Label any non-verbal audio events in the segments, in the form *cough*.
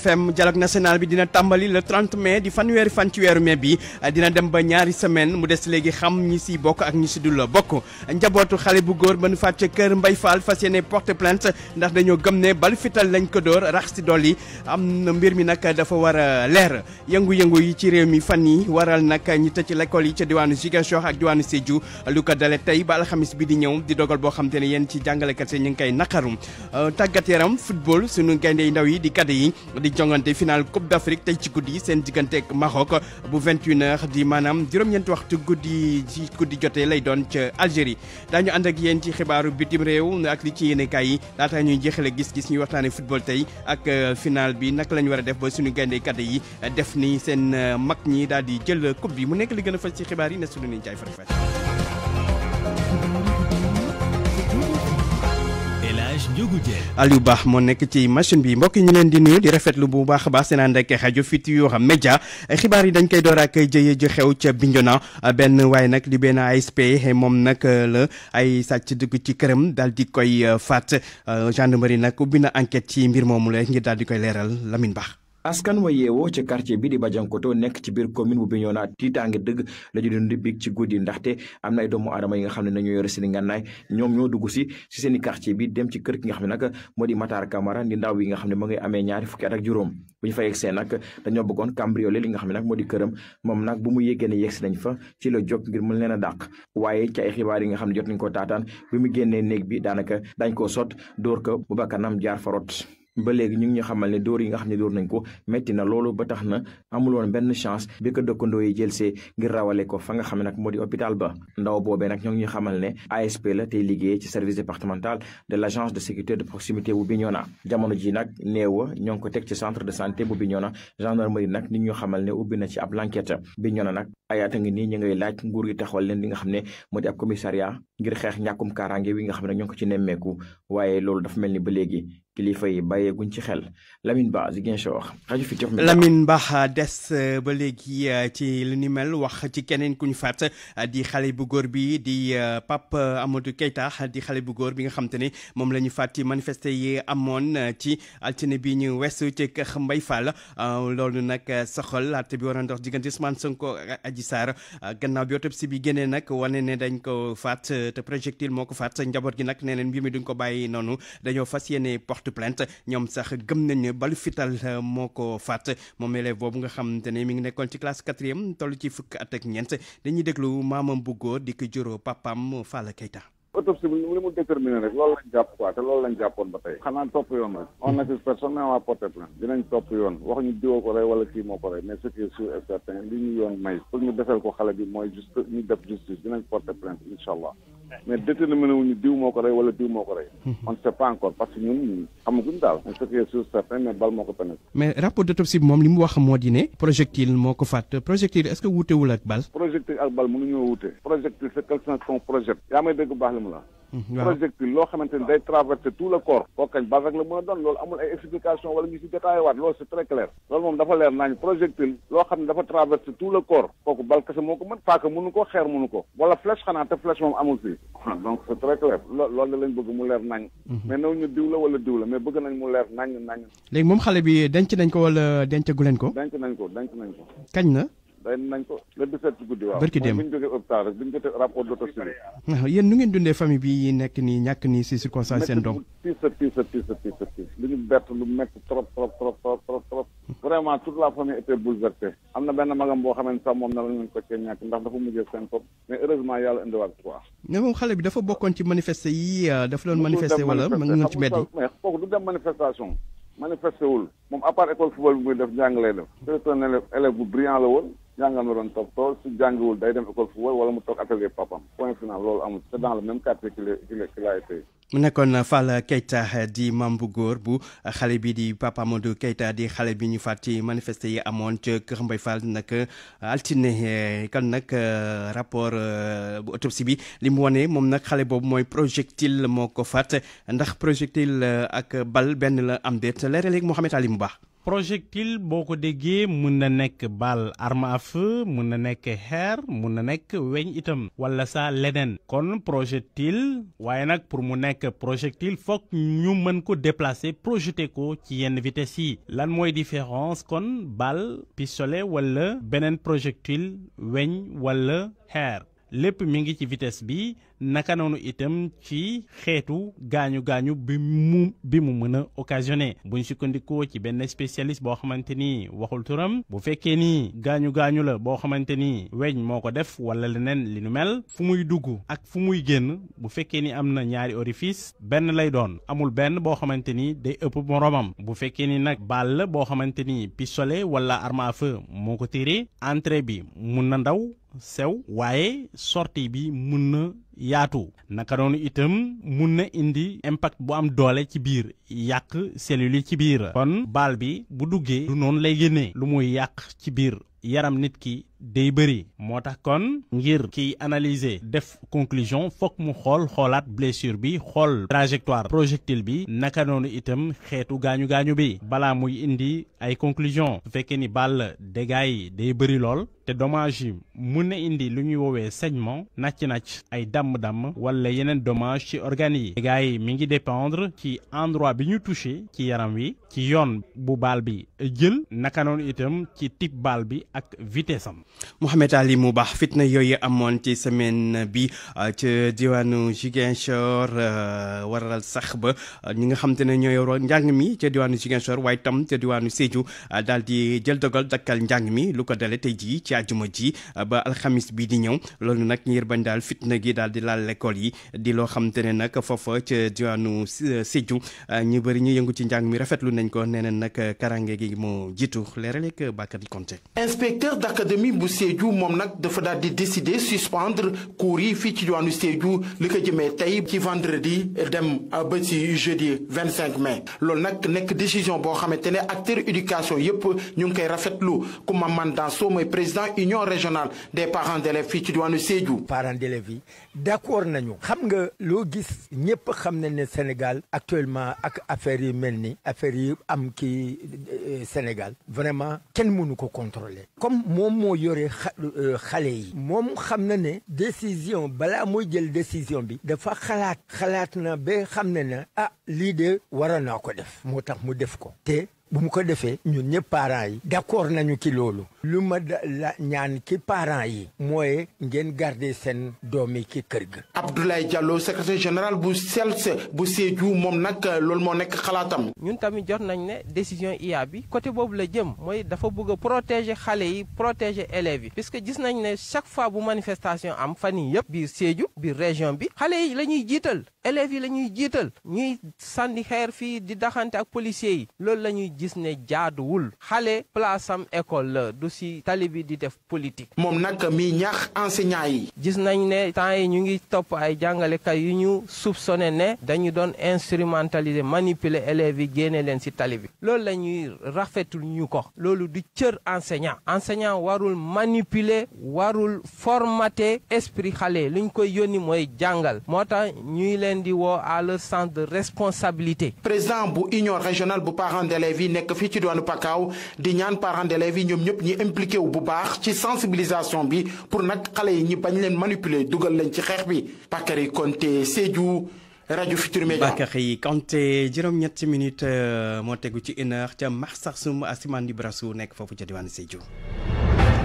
FM Jalak nasional bi dina tàmbali le 30 mai di fanweeri fan ci weeru mai bi dina dem ba ñaari semaine mu des léegi xam ñi si bokk ak ñi si dul xale bu mbay faal fas porte plainte ndax dañoo gëm ne bal fital lañ ko door rax am na mbir mi ler dafa war a leer yi ci mi fani waral naka ñi tëj l'école yi ca diwaanu Ziguinchor ak diwaanu Sédhiou lu ko dale tey ba alxamis bi di nakarum di dogal xam ci yaram football sunu gaynde ndaw yi di yi di jongante final Coupe d'Afrique tay ci goudi sen diggante ak Maroc bu 21h di manam juróom ñent waxtu goudi ci goudi joté lay doon ci Algérie dañu and ak yeen ci xibaaru bitim réew ak li ci yéenekaay yi laataa ñuy jeexale gis-gis ñuy waxtane football tay ak euh, finale bi nak la wara def ba suñu gayndekat yi def ni sen euh, mag ñi daal di jël coupe bi mu nekk li gën fa ci xibaar yi ne suñu niñ jaay faram-fàccee Aliou baax moo nekk ci machine bi mbokk ñu leen di nuyu di rafetlu bu baax a baax seen ànd ak rajo Futurs Médias xibaar yi dañ koy door ak jëye ji xew ca na benn waaye nag di benn ASP moom nag euh, la ay sàcc dugg ci këram daal di koy euh, faat euh, gendarmerie nag ubbi na enquête ci mbir moomu la ngir daal di koy leeral Lamine Ba. askan wa yeewoo ci quartier bi di Badiankoto nekk ci biir commune bu Bignona tiitaange dëgg la ñu doon di big ci guddi ndaxte am na ay doomu aadama yi nga xam ne nañoo yore seen i ngànnaay ñoom ñoo dugg si si seen i quartier bi dem ci kër ki nga xam ne nag moo di Matar Camara ndaw yi xam ne ma ngay amee ñaari fukki at ak juróom bu ñu fa yegsee nag dañoo bëggoon cambriolé nga xam ne nag moo di këram moom nag bu mu yéggee ne yegsi nañ fa ci la jóg ngir mën leen a dàq waaye ci e xibaar yi nga xam ne jot nañ ko taataan bi mu génnee néeg bi daanaka dañ ko sot dóor ko bu bakkanam jaar farot ba léegi ñu ngi ñu xamal ne dóor yi nga xam ne dóor nañ ko métti na loolu ba tax na amuloon benn chance bi ka dëkkandoo yi jël see ngir rawale ko fa nga xam ne nag moo di hôpital ba ndaw boobe nag ñoo ngi ñu xamal ne ASP la te liggéey ci service départemental de l' agence de sécurité de proximité bu Bignona jamono ji nag néewa ñoo ngi ko teg ci centre de santé bu Bignona gendarmerie nag ni ñu xamal ne ubbi na ci ab enquête Bignona nag ayaata ngi nii ñu ngay laaj nguur gi taxawal leen li nga xam ne moo di ab commissariat ngir ñàkkum kaaraange wi nga xam ne ñoo ko ci nemmeeku waaye loolu dafa mel ni ba léegi kilifa yi bàyyeeguñ ci xel Lamine Ba Ziguinchor rajo Futurs Médias Lamine Ba des euh, ba léegi euh, ci li ni mel wax ci keneen ku ñu faat euh, di xale bu góor bi di Pape amatu kaytax di xale bu góor bi nga xam te moom la ñu faat ci manifester yi amoon ci altine bi ñu weesu ci Kër Mbaye Fall loolu nag soxal àtte bi war a ndox diggante Ousmane Sonko ko Adji saara gannaaw bi autopsie bi génnee nag wane ne dañ ko faat te projectile moo ko faat njaboot gi nag nee neen mbir duñ ko bàyyi noonu dañoo fas yéene porte porte plainte ñoom sax gëm nañ ne balu fital euh, moo ko faat moom élève boobu nga xamante ne mi ngi nekkoon ci classe quatrième toll ci fukk at ak ñeent dañuy déglu maamam bu góor di ko juróo papam Fala Keita autopsie bi li mu déterminé rek loolu lañ jàpp quoi te loolu lañ jàppoon ba tey xanaa topp yoon rek on n'accuse personne mais on va plainte dinañ topp yoon waxuñu diwoo ko rey wala kii moo ko rey mais ce qui est sûr et certain li ñu yoon may pour ñu defal ko xale bi mooy juste ñu def justice dinañ porter plainte incha allah mais déterminé wuñu diw moo ko rey wala diw moo ko rey on ne sait pas encore parce que ñun xamaguñ daal mais ce qui est sûr certain mais bal moo ko pénétré mais rapport d'autopsie bi moom li mu wax moo di ne projectile moo ko fàtt projectile est-ce que wuutewul ak bal projectile ak bal mënuñoo wuute projectile c'est quelque chose qu'on projet yaa may dégg baax dërëm la hmm, projectile loo xamante ni day traverser tout le corps kooku kañ base rek la mën a doon loolu amul ay explication wala ñu si détaillé waat loolu c'est très clair loolu moom dafa leer naañ projectile loo xam ne dafa traverser tout le corps kooku bal kese moo ko mën paaka mënu ko xeer mënu ko wala flèche xanaa te flèche moom amul fii *laughs* donc c'est très clair loolu lañ bëgg mu leer nañ hmm. mais naw ñu diw la wala mais bëgg nañ mu leer nañ nañ léegi moom xale day nañ ko le 17 ci guddi waaw. barki démb bu ñu jógee hôpital rek bu ñu jotee rapport d'autopsie bi. Ah, yéen nu ngeen dundee famille bi nekk nii ñàkk nii si circonstance seen doom. tiis a tiis a tiis a tiis a tiis lu ñu bett lu nekk trop trop trop trop trop trop. vraiment toute la famille était bouleversée. am na benn magam boo xamante sax moom na la ko cee ñàkk ndax dafa mujjee seen bopp mais heureusement yàlla indiwaat quoi. mais moom xale bi dafa bokkoon ci manifester yi euh, dafa doon manifester wala mu ngi manifesté wul moom à part école football bi muy def jàng lay def c'est un élève élève bu brillant la woon jàngam la doon toog tool su jàngiwul day dem école football wala mu toog atelier papam point final loolu amul c'est dans le même quartier qu'il qu'il a été mu nekkoon Fall Keita di maam bu góor bu xale bi di Papa du Keita di xale bi ñu faat ci manifeste yi amoon ca Kër Mbaye Fall nag altine kan nag rapport euh, bu autopsie bi li mu wane moom nag xale boobu mooy projectile moo ko faat ndax projectile ak bal benn la am déet leeraleeg Mouhamed Ali mu baax. projectile boo ko déggee mun na nekk bal arme à feu mun na nekk xeer mun na nekk weñ itam wala sa leneen kon projectile waaye nag pour mu nekk projectile foog ñu mën ko déplacer projeter ko ci yenn vitesse yi lan mooy différence kon bal pistolet walla beneen projectile weñ walla xeer lépp mi ngi ci vitesse bi naka noonu itam ci xeetu gaañu gaañu bi mu bi mu mën a occasionné buñ sukkandikoo ci benn spécialiste boo xamante ni waxul turam bu fekkee ni gaañu gaañu la boo xamante ni weñ moo ko def wala leneen li nu mel fu muy dugg ak fu muy génn bu fekkee ni am na ñaari orifice benn lay doon amul benn boo xamante ni day ëpp moromam bu fekkee ni nag balle boo xamante ni pistolet wala arme à feu moo ko tiré entrée bi mun na ndaw. sew waaye sortie bi mun na yaatu naka noonu itam mun na indi impact bu am doole ci biir yàq cellules yi ci biir kon baal bi bu duggee du noonu lay génne lu muy yàq ci biir yaram nit ki day Motakon, kon ngir Ki analyser def conclusion foog mu xol blessure bi hol trajectoire projectile bi naka item. itam xetu ganyu gañu bi Balamui muy indi ay conclusion bu bal de debrilol. dégâts te dommage mu indi lu ñuy segment. saignement nàcc-nàcc ay dam. dam wala yenen dommage ci organe yi dégâts mi ngi dépendre ci endroit bi touché ci yaram wi ci bu balbi, bi jël naka ki itam ci type bi ak vitesse Mouhamed Ali mu baax fitna yooyu amoon ci semaine bi euh, ci diwaanu Ziguinchor euh, waral sax ba euh, ñi nga xam te ne ñoo yor njàng mi ca diwaanu Ziguinchor waaye tam ca diwaanu Sédhiou daal di jël dogal dakkal njàng mi lu ko dale tey jii ci àjuma ji ba alxamis bi di ñëw loolu nag ngir bañ daal fitna gi daal di laal lekkool yi di loo xam te ne nag foofa ca diwaanu Sédhiou ñu bëri ñu yëngu ci njàng mi rafetlu nañ ko nee nag karange gi moo jiitu leeralek Bakary Konte bu Sédhiou mom nak dafa daal di décider suspendre cours yi fi ci diwaanu Sédhiou li ko jëmee vendredi ci vendredi dem euh, ba jeudi 25 mai lool nak nek décision boo xamante acteur éducation yépp ñu ngi koy rafetlu Kouma dans Sow mooy président union régionale des parents d'élèves fi ci diwaanu parents d'élèves yi d'accord nañu. xam nga lo gis ñëpp xam nañ né Sénégal actuellement ak affaire yi melni affaire yi am qui euh, Sénégal vraiment kenn mënu ko contrôler comme mon moyen yore euh, xale yi mom xamna né décision bala moy jël décision bi dafa xalaat chalat na bé xamna na ah li de def motax mu def ko té bu mu ko defee ñun ñëpp parents yi d'accord nañu ci loolu luma la ñaan ki parents yi mooy ngeen garder seen doom yi ci ga Abdoulaye Diallo secrétaire général bu CELS bu Sédhiou mom nak loolu mo nek xalaatam ñun tamit jot nañ ne décision IA bi côté bobu la jëm moy dafa bëgg protéger xalé yi protéger élèves yi puisque gis nañ ne chaque fois bu manifestation am fani yi biir Sédhiou région bi xalé yi lañuy ñuy élèves yi lañuy ñuy ñuy sandi xeer fi di daxante ak policiers yi loolu lañuy gis ne jaaduwul place am école la du si tali bi di def politique. moom nag mi ñax enseignant yi. gis nañ ne temps yi ñu ngi topp ay jàngalekat yu ñu soupçonné ne dañu doon instrumentaliser manipuler élèves yi génne leen si rafetul ñu ko loolu du cër enseignant enseignant warul manipuler warul formater esprit xale luñ yoni koy yónni mooy jàngal moo tax ñuy leen di à leur sens de responsabilité. Présent bu union régionale bu parents des yi nekk fii ci doonu Pakaaw di ñaan parents d'élèves yi ñoom ñëpp ñu impliqué wu bu baax ci sensibilisation bi pour nag xale yi ñi bañ leen manipuler dugal leen ci xeex bi pakari Konte Sédhiou rajo Futur média Media Bakary Konte juróom-ñetti minute euh, moo tegu ci une heure ca sum Asimandi Brassou nekk foofu ca diwaanu Sédhiou.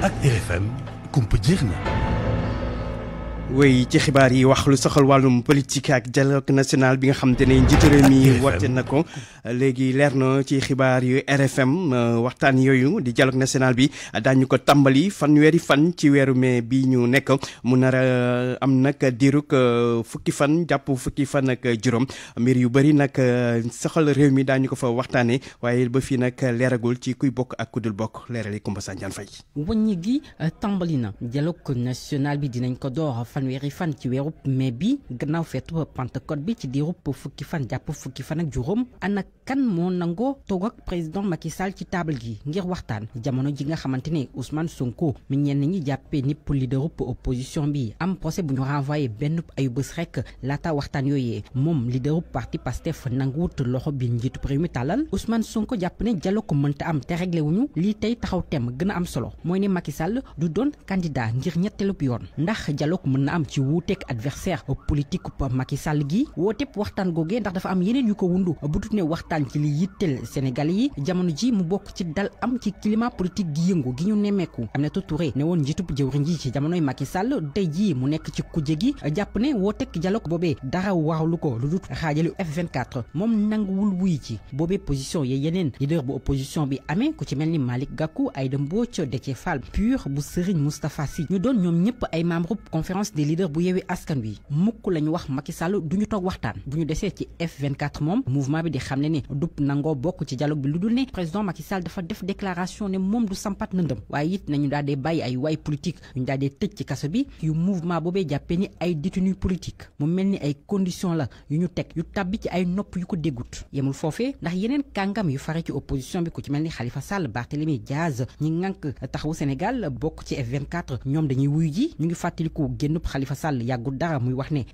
ak RFM kumpa jeex na. wéy ci xibaar yi wax lu soxal wàllum politique ak dialogue national bi nga xam te ne njiitu réew mi woote na ko léegi leer na ci xibaar yu RFM euh, waxtaan yooyu di dialogue nationale bi daañu ko tàmbali fanweeri fan ci weeru mai bi ñu nekk mu nar a am nag diirug euh, fukki fan jàpp fukki fan ak juróom mbir yu bëri nag euh, soxal réew mi daañu ko fa waxtaanee waaye ba fii nag leeragul ci kuy bokk ak ku kudul bokk leerale Koumba Sandiane fay wàññi gi tàmbali na dialogue national bi dinañ ko door fanweeri fan ci weeru mai bi gannaaw feetu Pentecôte bi ci diiru fukki fan fukki fan ak juróom ana kan moo nangoo toog ak président Macky Sall ci table gi ngir waxtaan jamono ji nga xamante ne Ousmane Sonko mi ñenn ñi jàppee opposition bi am procès bu ñu renvoyé benn lata bés rek laata waxtaan yooyee moom leaderu parti Pastef nanguwut loxo bi njiitu réew mi tàllal Ousmane Sonko jàpp ne dialogue ko mënta am te réglé wuñu lii taxaw am solo mooy makisal Macky Sall du don candidat ngir ñetteelu yoon ndax dialogue na am ci wutek adversaire politique Macky Sall gi wooteeb waxtan goge ndax dafa am yeneen yu ko wundu bu ne waxtan ci li yittel Sénégalais yi jamono ji mu bok ci dal am ci climat politique gi yëngu gi ñu nemmeeku tout Touré ne won njiitub jëwriñ ji ci jamono Macky Sall tey ji mu nekk ci kujje gi ne dialogue bobé dara waralu ko lu dut F24 moom wul wuy ci bobé position ye yeneen leader bu opposition bi amé ko ci mel ni Malick Gakou Aïda Mbodj Déthié Fall pur bu Serigne Moustapha Sy ñu doon ñom ñëpp ay membre conférence des leaders bu yewé askan wi mukk lañ wax Macky Sall duñu tok waxtaan bu ci F24 mom mouvement bi di xamné ne ne dup nangoo ci dialogue bi luddul dul président Macky Sall dafa def déclaration né mom du sampat nëndëm waaye it nañu daal dee ay waay politique ñu daal tecc ci kasso bi yu mouvement bobé jappé ni ay détenu politique mu melni ay condition la yu ñu teg yu tabbi ci ay nopp yu ko déggut yémul fofé ndax yenen kàngam yu faré ci opposition bi ko ci melni ni Khalifa Sall Barthélémy Diaz ñi ngank taxaw Sénégal bokk ci F24 ñom dañuy wuy ji ñu ngi ko génn Khalifa Sall yàggul dara muy wax ne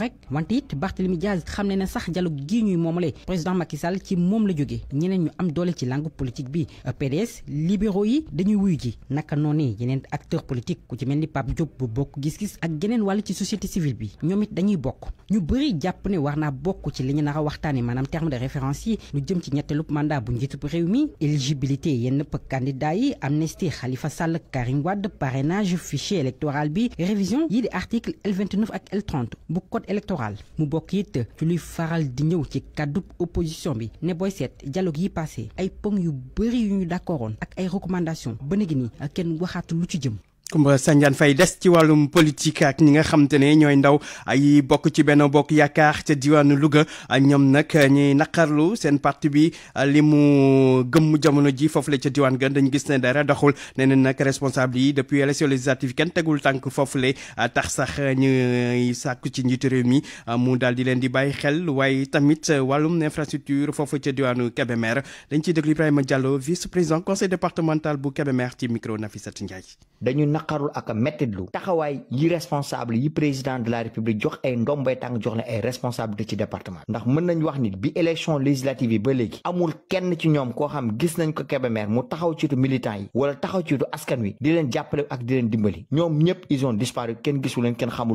rek it Diaz xam ne sax dialogue gii ñuy président Macky Sall ci mom la jóge ñeneen ñu am ci langue politique bi PDS libéraux yi dañuy wuy ji naka noni yeneen acteur politique ku ci melni Pape Diop bu bok gis-gis ak geneen ci société civile bi ñoom it dañuy bok ñu bëri japp ne war bok ci li ñu a manam terme de référence yi lu jëm ci ñettelu mandat bu njiitub réew mi éligibilité yenn candidat yi amnistie Khalifa Sall Karim Wade parrainage fichier électoral bi révision yii di article L29 ak L30 bu code électoral mu bokk it ci luy faral di ñëw ci kàddub opposition bi ne booy seet dialogue yi passé ay pong yu bëri yu ñu d'accordoon ak ay recommandations ba léegi nii kenn waxaatu lu ci jëm Kumba Sandiane Faye des ci wàllum politique ak ñi nga xamante ne ñooy ndaw ay bokk ci benn bokk yaakaar ca diwaanu Louga ñoom nag ñuy naqarlu seen parti bi li mu gëmm jamono ji foofu la ca diwaan gën dañu gis ne dara doxul nee na responsable yi depuis élection législative le tax sax ci mi mu di di xel tamit walum infrastructure foofu ca diwaanu Kébémer dañ ciy déglu Ibrahima Diallo vice président conseil départemental bu Kébémer ci micro Nafisat naqarul ak a mettitlu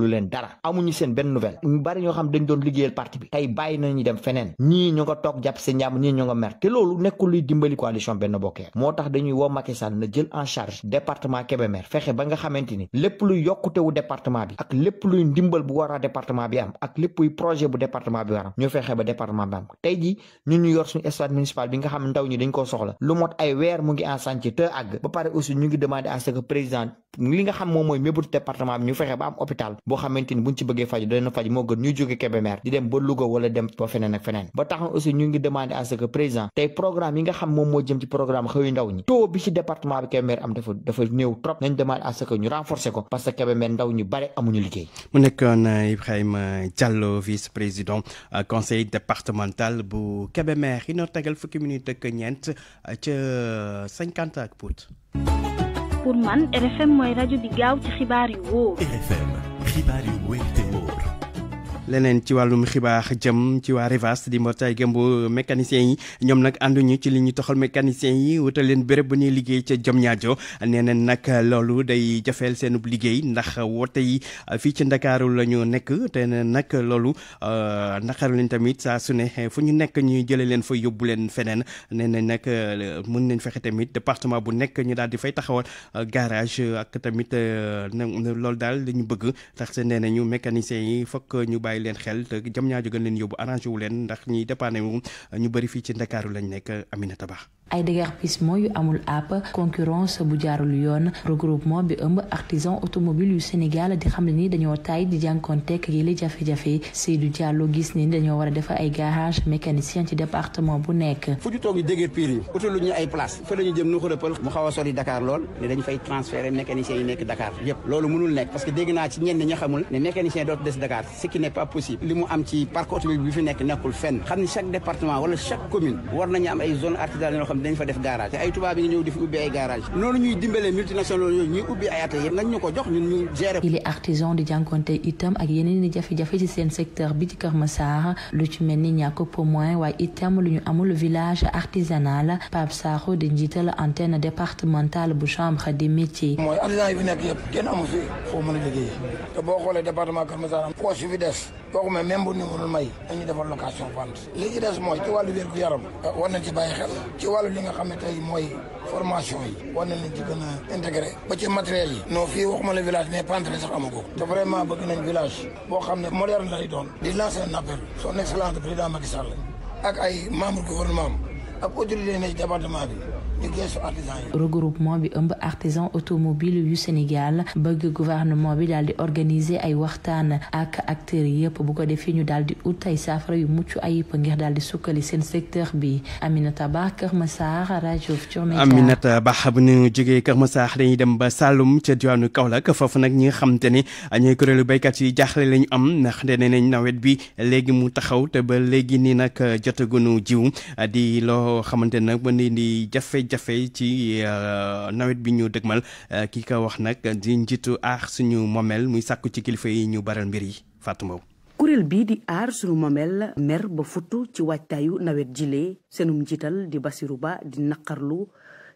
leen dara amuñu seen benn nouvelle bari ñoo xam dañ doon liggéeyal parti bi bàyyi nañu dem feneen ñii ñu nga toog jàpp seen njàmm ñii ñu nga mer te loolu nekkul dimbali coalition benn bokkee moo tax dañuy woo Macky Sall na jël en charge département fexe ba nga xamante ni lépp luy yokkute wu département bi ak lépp luy ndimbal bu war a département bi am ak lépp luy projet bu département bi war am ñu fexe ba département bi am tey ji ñun ñu yor suñu stade municipal bi nga xam ne ndaw ñi dañ koo soxla lu mot ay weer mu ngi en chantier te àgg ba pare aussi ñu ngi demandé à ce que président li nga xam moom mooy mébut département bi ñu fexe ba am hôpital boo xamante buñ ci bëggee faju dana faj moo gën ñuy jóge Kébémer di dem ba Louga wala dem ba feneen ak feneen ba tax aussi ñu ngi demandé à ce que président tey programme yi nga xam moom moo jëm ci programme xëyu ndaw ñi taux bi ci département bi Kébémer am dafa dafa néew trop nañ demandé principal à que ñu renforcer ko parce que Kébémer ndaw ñu bari amuñu liggéey. mu nekkoon euh, Ibrahima Diallo vice président euh, conseil départemental bu Kébémer yi noo tegal fukki minute ak ñeent euh, ci 50 ak Pout. pour man RFM moy radio bi gaaw ci xibaar yu wóor. RFM xibaar yu wóor. leneen ci wàllum xibaar jëm ci waa Rivas di mbootaay gëmb mécaniciens yi ñoom nag ñu ci li ñu toxal mécaniciens yi wutal leen béréb bu ñuy liggéey ca jom ñaajo nee na nag loolu day jafeel seenub liggéey ndax woote yi fii ci ndakaaru la ñu nekk te nag loolu euh, ndakaaru lañ tamit saa su ne fu ñu nekk ñu jëlee leen fa yóbbu leen feneen nee nañ nag euh, mën nañ fexe tamit département bu nekk ñu daal di fay taxawal euh, garage ak tamit loolu daal la ñu bëgg tax bàyyi leen xel te jam ñaa jógal leen yóbbu arrangé wu leen ndax ñiy dépanné wu ñu bëri fii ci ndakaaru lañ nekk amina Ba ay déguerpissement yu amul app concurrence bu jaarul yoon regroupement bi ëmb artisan automobile yu Sénégal di xam ne ni dañoo taay di jànkoontek yi li jafe-jafe Seydou Diallo gis ni dañoo war a ay garage mécanicien ci département bu nekk fu ñu toog yi déguerpir yi utalu ñu ay place fa lañu jëm nu ko rëppal mu xaw a sori Dakar lool ne dañ fay transférer mécanicien yi nekk Dakar yëpp loolu mënul nekk parce que dégg naa ci ñenn ñi xamul ne mécanicien doot des Dakar ce qui n'est pas possible li mu am ci parc automobile bi fi nekk nekkul fenn xam chaque département wala chaque commune war nañu am ay zone artisanale xam dinañ fa def garage te ay tubaab yi ñëw di fi ubbi ay garage noonu ñuy dimbalee multinational yooyu ñuy ubbi ay atelier nañ ñu ko jox ñun ñu gérer il est artisan di jànkonte itam ak yeneen i jafe-jafe ci seen secteur bi ci Kër Massar lu ci mel ni ñàkk moins waaye itam lu ñu amul village artisanal Pape Sakho di njiital antenne départementale bu chambre des métiers mooy artisan yi fi nekk yëpp kenn amu fi foo mën a liggéey te boo xoolee département Kër Massar am poche fi des boo xamee même bu ñu mënul may dañuy defal location vente li ci des mooy ci wàllu wér gu yaram war nañ ci bàyyi xel ci wàllu li nga xam ne tey mooy formation yi war na leen ci gën a intégré ba ci matériel yi non fii waxuma la village mais pentre sax amago te vraiment bëgg nañ village boo xam ne moderne lay doon di lancer un appel son excellence président Macky Sall ak ay membre gouvernement ak autorité ne ci département bi ñu geesu artisan yi. regroupement bi ëmb artisan automobile yu Sénégal bëgg gouvernement bi daal di organiser ay waxtaan ak acteurs yëpp bu ko defee ñu daal di ut ay saafara yu mucc ayib ngir daal di sukkali seen secteur bi Aminata Ba Kër Massar rajo Futur Media. Aminata Ba bu ñu jógee Kër saax dañuy dem ba Saloum ca diwaanu Kaolack foofu nag ñi nga xam te ne kuréelu béykat yi jaaxle la am ndax nee nañ nawet bi léegi mu taxaw te ba léegi nii nag nu jiw di loo xamante nag ba ni di jafe jafe-jafe ci euh, nawet bi ñu dëgmal euh, ki ko wax nag di njiitu aar suñu momel muy sàkku ci kilifa yi ñu baral mbir yi Fatou Mbow kuréel bii di aar suñu momel mer ba futu ci waajtaayu nawet jilee seenum njiital di basiru Ba di naqarlu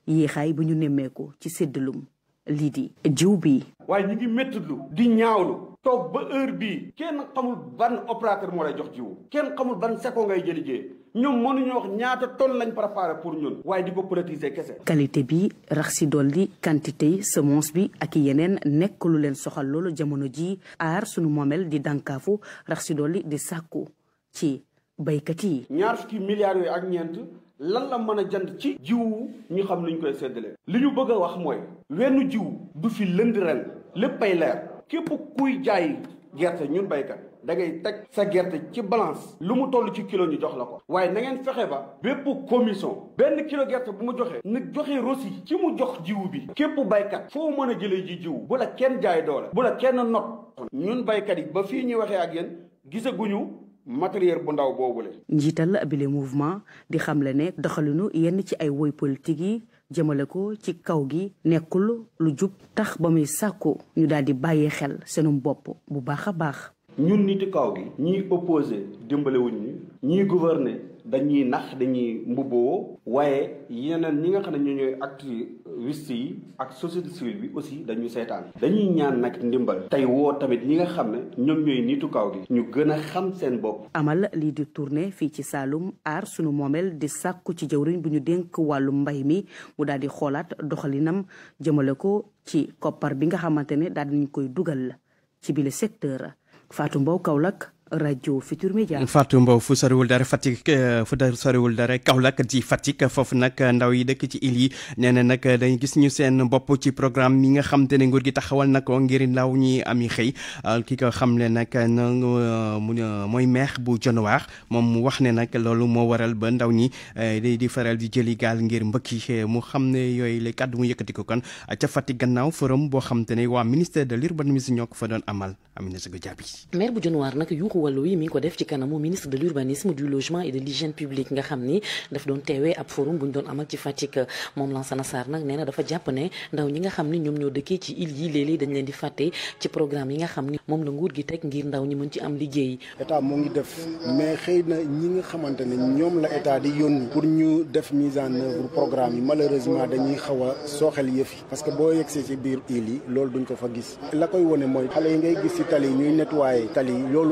yéexaay bu ñu nemmeeku ci séddalum lii di jiw bi waaye ñu ngi méttitlu di ñaawlu toog ba heure bii kenn xamul ban opérateur moo lay jox jiwu kenn xamul ban seko ngay jëli jee ñoom mënuñoo wax ñaata tonne lañ préparé pour ñun. waaye di ko politiser kese. qualité bi rax si dolli quantité yi semence bi ak yeneen nekk lu leen soxal loolu jamono ji aar sunu moomeel di dànkaafu rax si dolli di sàkku ci baykat yi. ñaar fukki milliards yooyu ak ñeent lan la mën a jënd ci. jiwu ñu xam luñ koy séddale. li ñu bëgg a wax mooy. wenn jiw du fi lënd ren léppay leer. képp kuy jaay gerte ñun baykat. dagay ngay sa gerte ci balance lu mu tollu ci kilo ñu jox la ko waaye na ngeen fexe ba bépp commission benn kilo gerte bu mu joxe na joxe rosi ci mu jox jiwu bi képp baykat foo mën a jëlee ji jiwu bu la kenn jaay doole bu la kenn not ñun baykat yi ba fii ñuy waxee ak yéen gisaguñu matériel bu ndaw boobule. njiital bile mouvement di xamle ne doxalinu yenn ci ay woy politique yi jëmale ko ci kaw gi nekkul lu jub tax ba muy sàkku ñu daal di bàyyi xel seenum bopp bu baax a baax. ñun niti kaw gi ñiy opposé dimbalewuñ ñu ñiy gouverner dañuy nax dañuy mbubboo waaye yeneen ñi nga xam ne ñu ñooy activiste yi ak société aussi dañuy seetaan dañuy ñaan nag ndimbal tey woo tamit ñi nga xam ne ñoom ñooy nitu gi ñu gën a xam seen bopp amal lii di tournée fii ci Saloum aar sunu moomeel di sàkku ci jëwriñ bu ñu dénk wàllu mbay mi mu daal di xoolaat doxalinam jëmale ko ci koppar bi nga xamante ne daal di koy dugal la ci biir bile secteur Fatou Mbow Kaolack radio futur média fatou mbow fu dara fatik eh, fu soriwul dara kaolack di fatik foofu nag ndaw yi dëkk ci il yi nee dañu gis ñu seen bopp ci programme mi nga xam te gi taxawal ngir ndaw ñi ami ki ko xam eh, eh, bu januar moom mu wax ne nag loolu moo waral ba ndaw ñi day di faral di jëli gaal ngir mbëkki mu xam ne yooyu la mu ko kon fatik gannaaw forum boo xam te ne ministère de l'urbanisme fa doon amal amina sa bu januar wàllu wi mi ngi ko def ci kanamu ministre de l'urbanisme du logement et de l'hygiène publique nga xam ni daf doon teewee ab forum bu ñu doon amal ci Fatick moom moom la nguur gi teg ngir ndaw ñi mën ci am liggéey état moo ngi def mais xëy na ñi nga xamante ñoom la état di yónni pour ñu def mise en œuvre yi malheureusement dañuy xaw a sooxel yëf yi boo yegsee ci biir île yi loolu duñ ko fa gis la koy wone mooy xale yi ngay gis ci tali ñuy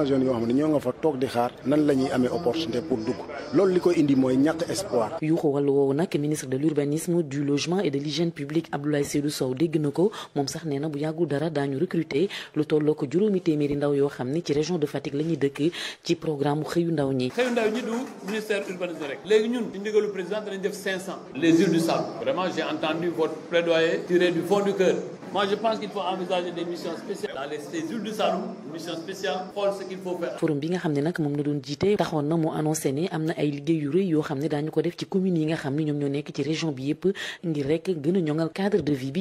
cent jeunes yoo xam ñoo nga fa tok di xaar nan lañuy amé opportunité pour dugg loolu li indi moy ñak espoir. yuuxu wàllu woowu nak ministre de l'urbanisme du logement et de l'hygiène publique Abdoulaye Seydou Sow deg nako mom sax nee bu yagul dara dañu recruter lu tolloo ko juróomi téeméeri ndaw yo xam ci région de Fatick lañuy dëkk ci programme xeyu ndaw ñi. xeyu ndaw ñi du ministère urbanisme rek. légui ñun ci ndigalu président danañ def 500 les îles du sable. vraiment j'ai entendu votre plaidoyer tiré du fond du cœur. moi je pense qu'il faut envisager des missions spéciales dans les îles du Saloum, une mission spéciale xool forum bi nga xam ne nag moom la doon jiite taxoon na mu annoncé ne am na ay liggéey rëy yoo xam ne daañu ko def ci commune yi nga xam ne ñoom nekk ci région bi yëpp ngir a ñoŋal cadre de vie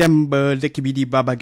ba dëkk bi di Baba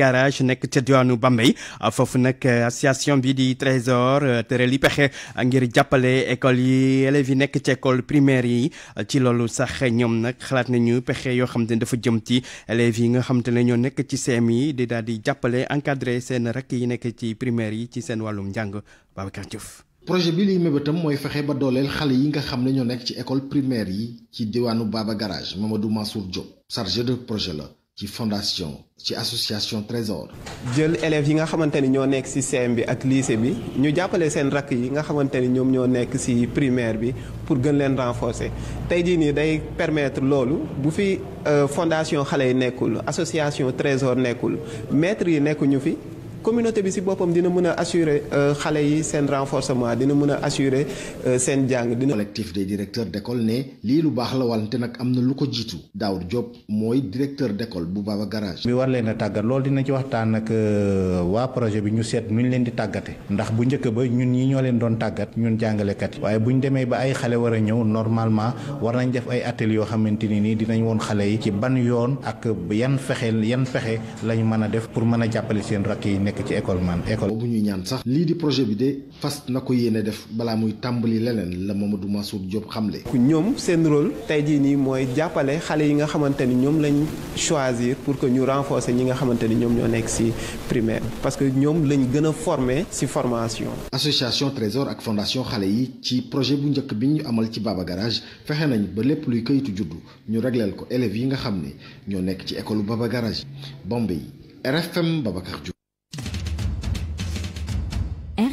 bi di trésor euh, tëral yi pexe ngir jàppale école yi élèves yi nekk ci école primaire yi ci loolu sax ñoom nag xalaat nañu pexe yoo xam ne dafa jëm ci élèves yi nga xam te ne ñoo nekk ci CM yi di daal di jàppale encadrer seen rakk yi nekk ci primaire yi ci seen wàllum njàng Babacar Diouf. projet bi liy mébétam mooy fexe ba dooleel xale yi nga xam ne ñoo nekk ci école primaire yi ci diwaanu Baba Garage Mamadou Mansour Diop chargé de projet la ci fondation ci association Trésor. jël élèves yi nga xamanteni ñoo nekk ci CM bi ak lycée bi ñu jappalé seen rak yi nga xamanteni ni ñoom ñoo nekk ci primaire bi pour gën leen renforcer tay jii ni day permettre loolu bu fi euh, fondation xalé yi nekkul association Trésor nekkul maître yi nekkuñu fi. communauté bi ci boppam dina mën a assurer euh, xale yi seen renforcement dina mën a assurer euh, seen jàng dina. collectif des directeurs d'école ne li lu baax la wante nag am na lu ko jiitu Daoud Diop mooy directeur d'école bu Baba Garage. bi war leen a tàggat dina ci euh, projet bi ñu leen di tàggate ndax bu njëkk ba ñun ñi ñoo leen doon tàggat ñun jàngalekat yi waaye bu ñu demee ba ay xale war a ñëw normalement war nañ def ay ateliers yoo xamante ni dinañ woon xale yi ci ban yoon ak yan fexe yan fexe lañ mën def pour mën a nek ci école man école. boobu ñuy ñaan sax li di projet bi de fast nako ko def bala muy tambali leneen la Mamadou Massoud xamlé ku ñom seen rôle tey jii nii mooy jàppale yi nga xamante ñom lañ choisir pour que ñu renforcer ñi nga xamante ñom ñoo nekk primaire parce que ñom lañ gëna former ci formation. association Trésor ak fondation xalé yi ci projet bu ñëk bi ñu amal ci Baba Garage fexé nañ ba lépp luy kayitu juddu ñu régleel ko élèves yi nga xamné ñoo ci école Baba Garage Bombay RFM Babacar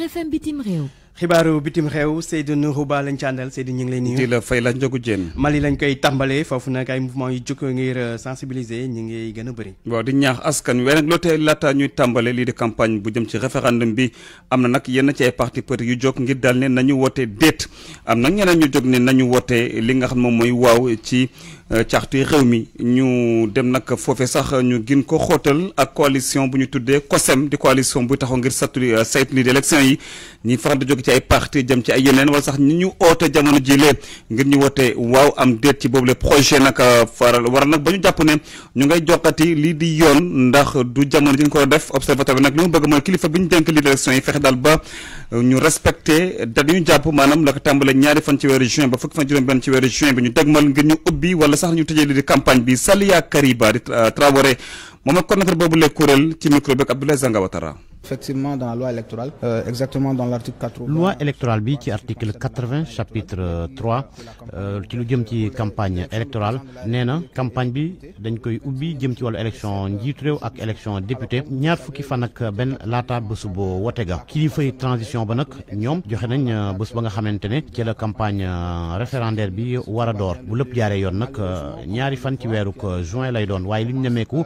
أهلا بتمغيو xibaaru bitim xew Seydou Nourou Ba lañ ci Seydou ñu ngi lay nuyu. di la fay la jogu jenn Mali lañ koy tàmbalee foofu nag ay mouvement yu jukko ngir euh, sensibiliser ñu ngi gën a bëri. waaw di ñaax askan wi nag lootee laata ñuy tàmbale lii di campagne bu jëm ci référendum bi am na nag yenn ci ay parti politique yu jóg ngir dal ne nañu woote déet am nag ñeneen ñu jóg ne nañu woote li nga xam moom mooy waaw ci euh, càxtu réew mi ñu dem nag foofe sax ñu gën ko xóotal ak coalition bu ñu tuddee COSEM di coalition bu taxaw ngir sattu saytu ni euh, élection yi ñi faral di jóg ci ay parti jëm ci ay yeneen wala sax ñi ñu ootee jamono ji lee ngir ñu wootee waaw am déet ci boobu le projet nag euh, faral waral nag ba ñu jàpp ne ñu ngay joxati lii di yoon ndax du jamono ji nga ko def observateur bi nag li mu bëgg mooy kilifa bi ñu dénk lii di élection yi fexe daal ba euh, ñu respecte date yu ñu jàpp maanaam la ko tàmbale ñaari fan ci weer juin ba fukki fan juróom benn ci weer juin bi ñu dégmal ngir ñu ubbi wala sax ñu tëjee lii campagne bi Saliya Kariba di euh, Traoré Mon ak coordonnateur boobu lay ci micro Abdoulaye Zanga effectivement dans la loi électorale euh, exactement dans l'article 80 loi électorale bi ci article 80 chapitre 3 euh, euh, ci nous jëm ci campagne électorale nena campagne bi dañ koy ubbi jëm ci wàllu élection njiitu réew ak élection député ñaar fukki fan ak ben l'ata bés bu wote ga kilifay transition ba nyom ñoom joxe nañ euh, bés ba nga xamante ne ci la campagne référendaire bi war a door bu lépp jaaree yoon nag ñaari fan ci weeruk juin lay doon waaye li ñu nemeeku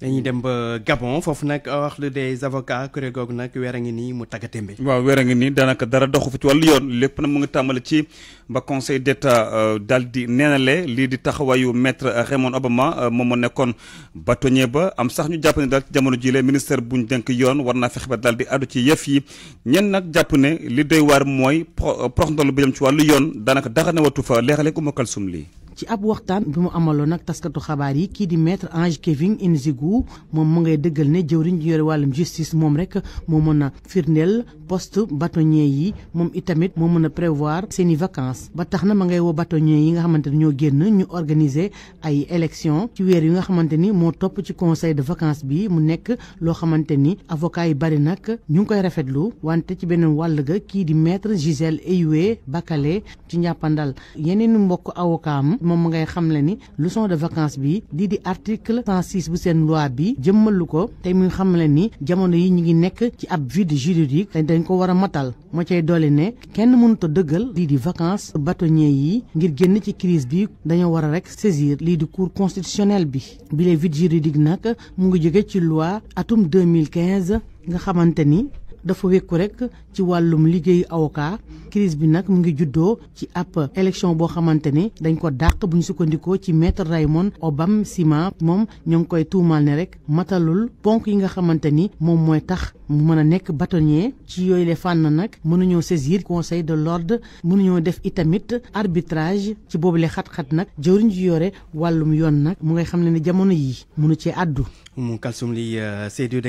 dañuy dem ba Gabon foofu nag euh, wax lu des avocats kuréel googu nag weer a ngi nii mu tàggatémbe. waaw weer a ngi nii daanaka dara doxu fi ci wàllu yoon lépp nag mu ngi tàmbali ci ba conseil d' état euh, daal di neenale lii di taxawaayu maître Raymond Obama euh, moom moo nekkoon bâtonnier ba am sax ñu jàpp ne daal ci jamono jii la ministère bu ñu dénk yoon war naa fexe ba daal di àddu ci yëf yi ñenn nag jàpp ne li doy waar mooy pro prox ndol bi jëm ci wàllu yoon daanaka dara watu fa leexale ku ma kalsum lii. ci ab waxtaan bi mu amaloon nag taskatu xabaar yi kii di maître Ange Kevin inzigu moom mu ngay dëggal ne jëwriñ ji yore wàllum justice moom rek moo mën a firndeel poste batonnier yi moom itamit moo mën a prévoir seen i vacances ba tax na ma ngay woo yi nga xamante ne ñoo génn ñu organiser ay élections ci weer yi nga xamante ni moo topp ci conseil de vacances bi mu nekk loo xamante ni avocat yi bari nag ñu ngi koy rafetlu wante ci beneen wàll ga kii di maître Gisèle Eyoué Bakale ci njàppandal yeneen mbokk avocat am moom ngay xamle ni leçon de vacances bi di di article 106 bu seen loi bi jëmmalu ko te muy xamle ni jamono yi ñu ngi nekk ci ab vide juridique dañ ko war a matal ma cay doole ne kenn mënut a dëggal lii di vacances bâtonnier yi ngir génn ci crise bi dañoo war a rek saisir lii di cour constitutionnel bi bile vide juridique nag mu ngi jóge ci loi atum 2015 nga xamante ni dafa wekku rek ci wàllum liggéeyu avocat crise bi nag mu ngi juddoo ci ab élection boo xamante ni dañ ko dàq bu ñu sukkandikoo ci maître Raymond Obam Sima moom ñoo ngi koy tuumaal ne rek matalul ponk yi nga xamante ni moom mooy tax mu mën a nekk bâtonnier ci yooyu le fànn nag mënuñoo saisir conseil de l'ordre mënuñoo def itamit arbitrage ci boobu le xat-xat nag jëwriñ ji yore wàllum yoon nag mu ngay xam ne ni jamono yi mënu cee àddu mu kalsum li euh, Seydou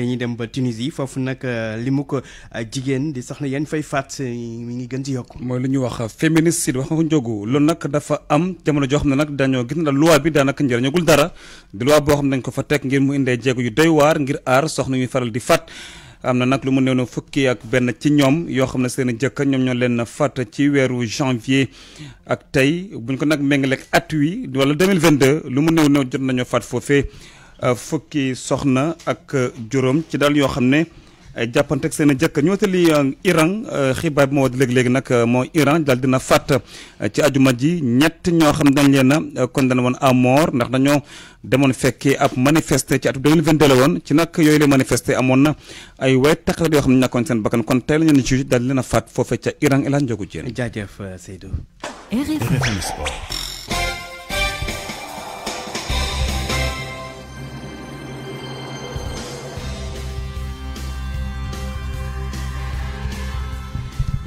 jigéen di sax na yan fay faat eh, mi ngi gën ci yokk mooy lu ñuy wax féminicide wax nga ko njógu loolu nag dafa am jamono joo xam ne nag dañoo gis na loi bi daanaka njëriñagul dara di loi boo xam ne dañ ko fa teg ngir mu indee jéego yu doy waar ngir aar soxna ñuy faral di faat am na nag lu mu néew na fukki ak benn ci ñoom yoo xam ne seen jëkk ñoom ñoo leen fàtt ci weeru janvier ak tey buñ ko nag méngaleeg at wi wala 2022 lu mu néew néew jot nañoo faat foofee euh, fukki soxna ak juróom ci daal yoo xam ne jàppante ak seen jëkk ñu watali euh, Iran euh, xibaar bi moo léegi-léegi nag euh, mooy Iran daal dina fàtt ci ajuma ji ñett ñoo xam dañ leen kon condamné woon à ndax dañoo demoon fekkee ab manifesté ci atum 2022 la woon ci nag yooyu la manifesté amoon na ay way taqalat yoo xam ne seen bakkan kon tey la ñeen juge daal leen a fàtt foofee ca Iran El Hadj Ndiogou Diène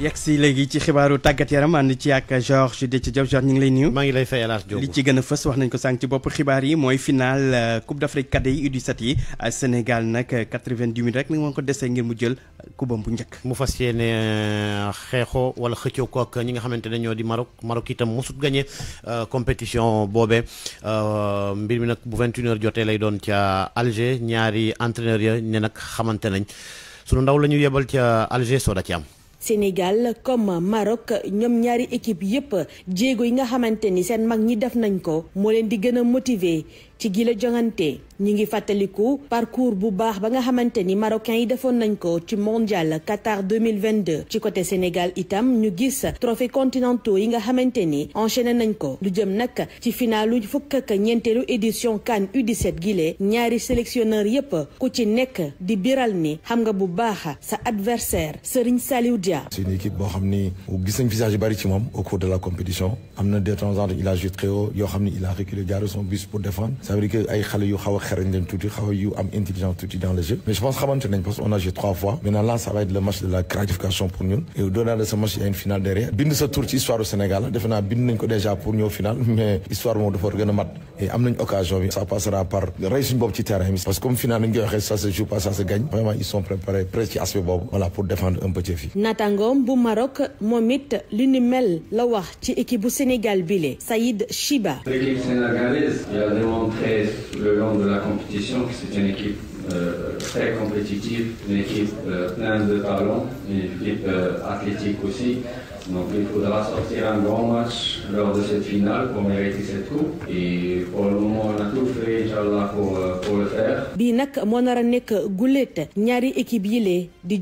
yegg legi ci xibaaru tagat yaram and ci ak Georges Déthié Diop Georges ñu ngi lay nuyu. maa ngi lay fay El Hadj li ci gëna fess wax nañ ko sank ci bop xibaar yi moy final euh, coupe d'afrique afrique cadet U17 yi euh, Sénégal nak 90 euh, minutes rek ni nga ko déssé ngir mu jël kubam bu njëkk. mu fas yéene xeexoo wala xëccoo kook ñi nga xamante ne ñoo di Maroc Maroc itam musut gagner compétition boobee mbir mi nak bu 21h jotee lay doon ci Alger ñaari entraîneur ya ne nak xamante nañ sunu ndaw lañu ñu yebal ca Alger soo da ci am. Sénégal comme Maroc ñoom ñaari équipe yépp jéego yi nga xamante ni seen mag ñi def nañu ko moo leen di gën a motiver ci gila jongante ñi ngi parcours bu baax ba nga xamante marocain yi defoon nañ ko ci mondial Qatar 2022 ci côté Sénégal itam ñu gis trophée continentaux yi nga xamante ni enchaîné nañ ko lu jëm nak ci finalu fukk ak ñentelu édition CAN U17 gile ñaari sélectionneur yépp ku ci nekk di biral ni xam nga bu baax sa adversaire Serigne Saliou Dia. c'est une équipe bo xamni ni gis visage bari ci mom au cours de la compétition amna des il a joué très haut yo xamni il a reculé jaaree son bus pour défendre ça veut dire que ay xalé yu xaw xarañ leen tuuti yu am dans le jeu mais je pense vraiment parce qu'on a joué trois fois maintenant là ça va être le match de la gratification pour nous. et au-delà de ce match il y a une finale derrière bind ce tour histoire du Sénégal defe bind déjà pour au finale mais histoire moom dafa faire gën a mat et am nañ occasion ça passera par rey Bob ci terrain parce que comme finale ça se joue pas ça se gagne vraiment ils sont préparés prêts ci aspect Bob. voilà pour défendre un petit fi Natangom, bu Maroc Momit, Lunimel, li mel équipe du Sénégal bile Saïd Chiba l'équipe sénégalaise a démontré le long de la compétition, c'est une équipe euh, très compétitif, une équipe euh, pleine de talents, une équipe euh, athlétique aussi. Donc il faudra sortir un grand match lors de cette finale pour mériter cette coupe. Et pour le moment, on a tout fait, Inch'Allah, pour, pour le faire. bii nag moo nar nyari ekibile guléet ñaari équipe yi lee di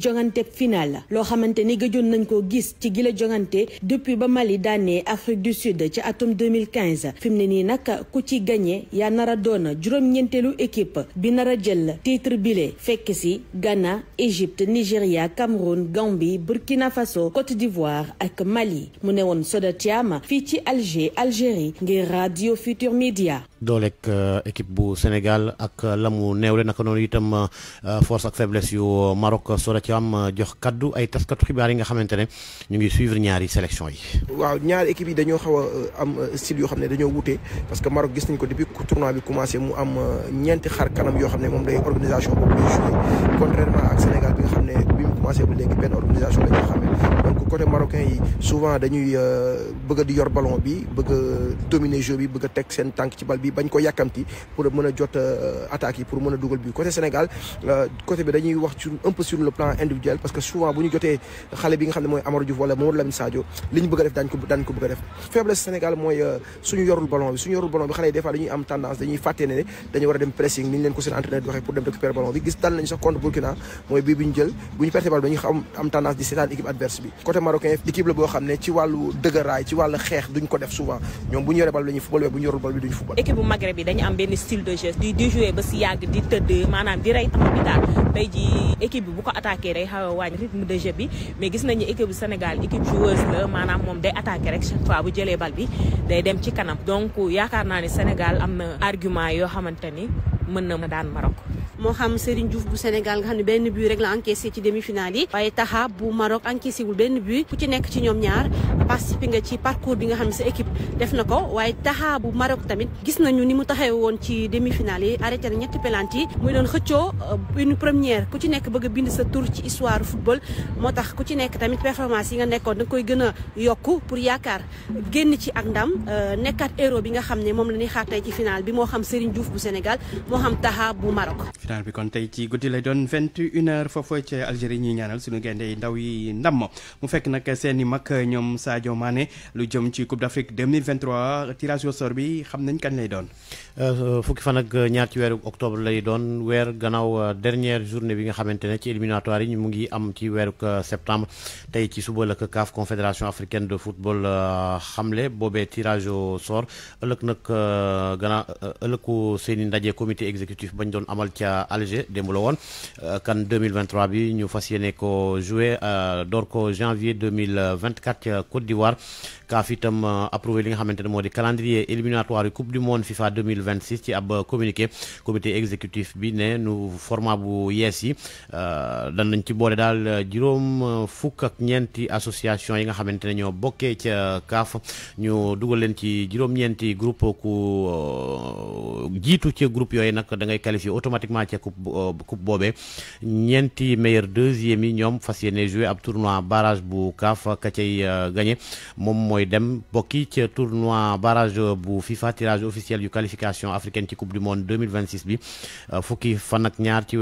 finale xamante ni gëjoon nañ ko gis ci gila jongante depuis ba Mali dané Afrique du Sud ci atum 2015 Fimne ni ne nii ku ci gagné ya nara doon juróom équipe bi nar jël titre Ghana Égypte Nigeria, Cameroun Gambie Burkina Faso Côte d'Ivoire ak Mali mu ne Soda Tiama, Alger Algérie Guerradio Radio Futur Media. dooleeg euh, équipe bu Sénégal ak euh, la new néewle naka noonu itam euh, force ak faiblesse yu Maroc sore ci am jox kaddu ay taskatu xibaar yi nga xamante ne ñu ngi suivre ñaari sélection yi. waaw ñaari équipe yi dañoo xaw a am style yoo xam ne dañoo wute parce que Maroc gis nañ ko depuis tournoi bi commencé mu am ñeenti xar kanam yoo xam ne moom day organisation boobu lay joué contrairement ak Sénégal bi nga xam ne. commencé bu léegi ben organisation la ñu donc côté marocain souvent dañuy euh, bëgg di yor ballon bi bëgg dominer jeu bi bëgg a teg seen tànk ci bal bi bañ ko yàkkamti pour mën a jot euh, attaques pour mën a dugal bi côté Sénégal euh, côté bi dañuy wax un peu sur le plan individuel parce que souvent bu ñu jotee xale bi nga xam ne Amadou Diouf wala Mamadou Lamine Sadio li ñu bëgg a def daañ ko daañ ko bëgg def faiblesse Sénégal mooy suñu yorul ballon bi suñu yorul ballon bi xale des fois dañuy am tendance dañuy fàtte ne dañu war a pressing ni ñu leen ko seen entraîneur di waxee pour dem récupérer ballon bi gis dal nañu sax contre Burkina mooy bii bi ñu jël bu ñu Sénégal dañu xam am tendance di seetaan équipe adverse bi côté marocain équipe la boo xam ne ci wàllu dëgëraay ci wàllu xeex duñ ko def souvent ñoom bu ñu yore bal bi dañuy football mais bu ñu yorul équipe bu Maghreb bi dañu am benn style de jeu di jouer ba si yàgg di tëdd maanaam di rey tax bi daal équipe bi bu ko attaqué day xaw a wàññi rythme de jeu bi mais gis nañu équipe bu Sénégal équipe joueuse la maanaam moom day attaqué rek chaque fois bu jëlee bal bi day dem ci kanam donc yaakaar naa ne Sénégal am na argument yoo xamante ni mën na daan Maroc moo xam Serigne Diouf bu Senegal nga xam ne benn but rek la encaissé ci demi-finale yi waaye Taha bu Maroc encaissé wul benn but ku ci nekk ci ñoom ñaar participé nga ci parcours bi nga xam sa équipe def Taha bu Maroc tamit gis nañu ni mu taxawe ci demi-finale yi arrêté na ñetti penalty muy doon xëccoo euh, une première ku ci nekk bëgg bind sa tour ci histoire football moo ku ci nekk tamit performance yi nga nekkoon da koy gën a yokku pour yaakaar génn ci ak ndam euh, nekkaat héros bi nga xam la xaar ci finale bi moo xam Serigne Diouf bu Senegal, moo xam Taha bu Maroc final bi kon tey ci guddi doon 21h foofu ci Algérie ñuy ñaanal suñu gaynde yi ndaw yi ndam mu fekk nag seen mag ñoom Sadio Mané lu jëm ci Coupe d'Afrique 2023 tirage au sort bi xam nañ kañ lay doon. Euh, fukki fan ak ñaar ci weeru octobre lay doon weer gannaaw euh, dernière journée bi nga xamante ne ci éliminatoire yi mu ngi am ci weeru euh, septembre tey ci suba la confédération africaine de football xamle boobee tirage au sort ëllëg nag gannaaw ëllëgu seen i ndaje comité exécutif bañ doon amal ca. Alger des 2023 nous ñu jouer ko jouer euh, janvier 2024 Côte d'Ivoire Kafitam euh, approuvé li nga xamantene modi calendrier éliminatoire du coupe du monde FIFA 2026 ci ab euh, communiqué comité exécutif bi né nous format bu yees yi euh, nañ ci boole dal juróom fukk ak ñenti association yi nga xamantene ne ñoo bokkee ca CAF ñu dugal leen ci juróom ñenti groupe ku jiitu ci groupe yoy nak da ngay qualifier automatiquement ci coupe coupe bobé ñenti meilleur deuxième yi ñom fas jouer ab tournoi barrage bu CAF ka tay gagner mom dem bokki ci tournoi barrage bu FIFA tirage officiel du qualification africaine ci coupe du monde 2026 bi euh, fukki fan ak ñaar ci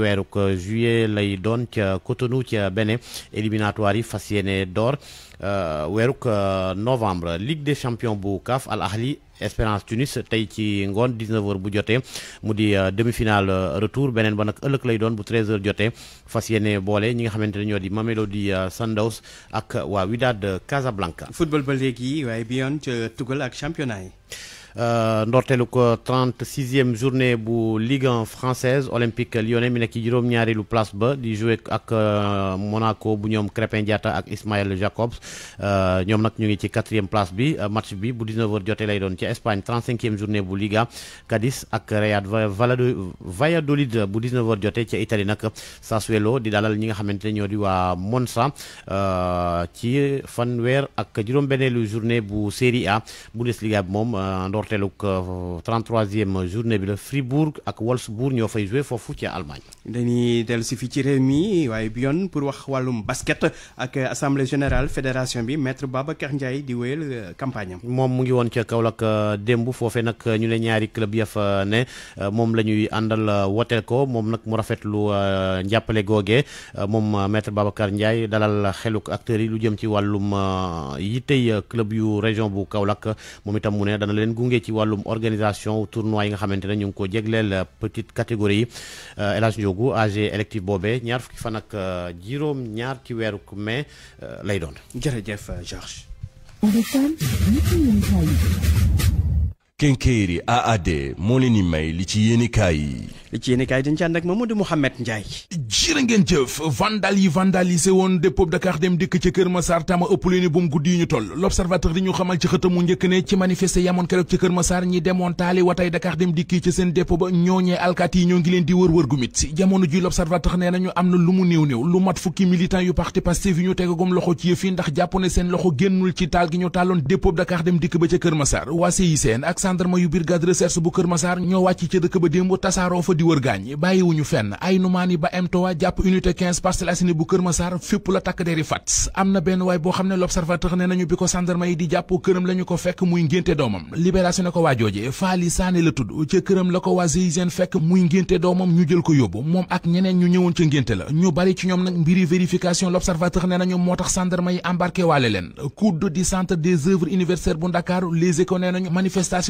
juillet lay doon ci Cotonou ci Bénin éliminatoire yi fas d'or door euh, euh, novembre Ligue des champions bu CAF Al Ahli Espérance Tunis tey ci ngoon 19h bu jotee mu di euh, demi-finale euh, retour beneen ba nag ëllëg lay doon bu 13h jotee fas yéene boole ñi nga xamante ne ñoo di Mamelodi euh, Sundowns ak waa Wydad Casablanca. football ba léegi waaye bi yoon ca tugal ak championnat yi. Euh, ndorteelu ko 36e journée bu Ligue 1 française Olympique Lyonnais mi nek ci juróom lu place ba di jouer ak euh, Monaco bu ñom Crépin Diatta ak Ismaël Jacobs euh, ñom nak ñu ngi ci 4e place bi match bi bu 19h jotee lay doon ci Espagne 35e journée bu Liga Cadiz ak Real Valladolid bu 19h jotee ci Italie nak Sassuolo di dalal ñi nga xamante ñoo di wa Monza ci fanwer ak juróom-benneelu journée bu Serie A Bundesliga bi moom ndorteelu ndorteelug 33e journée de la Fribourg ak Wolfsburg ñoo fay joué fofu ci Allemagne. dañi del ci fi ci réew mi waaye bi pour wax walum basket ak assemblée générale fédération bi maître Babacar Ndiaye di wéyal euh, campagne mom mu ngi won ci Kaolack euh, dembu fofé nak ñu ne ñaari club yef né euh, mom lañuy andal ñuy àndal woteel ko moom nag mu rafetlu njàppale gogé mom maître Babacar Ndiaye dalal xeluk acteur yi lu jëm ci walum yittey club yu région bu Kaolack mom itam mu ne dana leen gunge jógee ci walum organisation tournoi yi nga xamantene ñu ko jegleel euh, petite catégorie euh Hadj Ndiogou âge électif bobé ñaar fukki fan ak euh, juróom ñaar ci wéru weeru mai euh, lay doon. jërëjëf Georges. Kenkeyri AAD moo leen di may li ci yéenekaay yi. li ci yéenekaay dañ ci ànd ak Mamadou Mouhamed Ndiaye. jërë ngeen jëf vandal yi vandalisé woon dépôt dem dikk ci Kër Massar tama ëpp leen ni bu guddi yi ñu toll l'observateur di ñu xamal ci xëtamu njëkk ne ci manifester yamoon keroog ci Kër Massar ñi demoon taali watay Dakar dem dikk ci seen dépôt ba ñooñee alkaati yi ñoo ngi leen di wër wër gu jamono ji l'observateur nee nañu am na gendarme yu brigade recherche bu Kër Massar ñoo wàcc ca dëkk ba démb tasaaroo di wër bàyyiwuñu fenn ay numaan ba MTOA jàpp unité 15 Parcelles Assainies bu Kër Massar fépp la takk deri fat am na benn waay boo xam ne l'observateur ne nañu bi ko gendarme yi di jàpp këram la ko fekk muy ngénte doomam libération ne ko waajooje Faali Saane la tudd ca këram la ko waa GIGN fekk muy ngénte doomam ñu jël ko yóbbu moom ak ñeneen ñu ñëwoon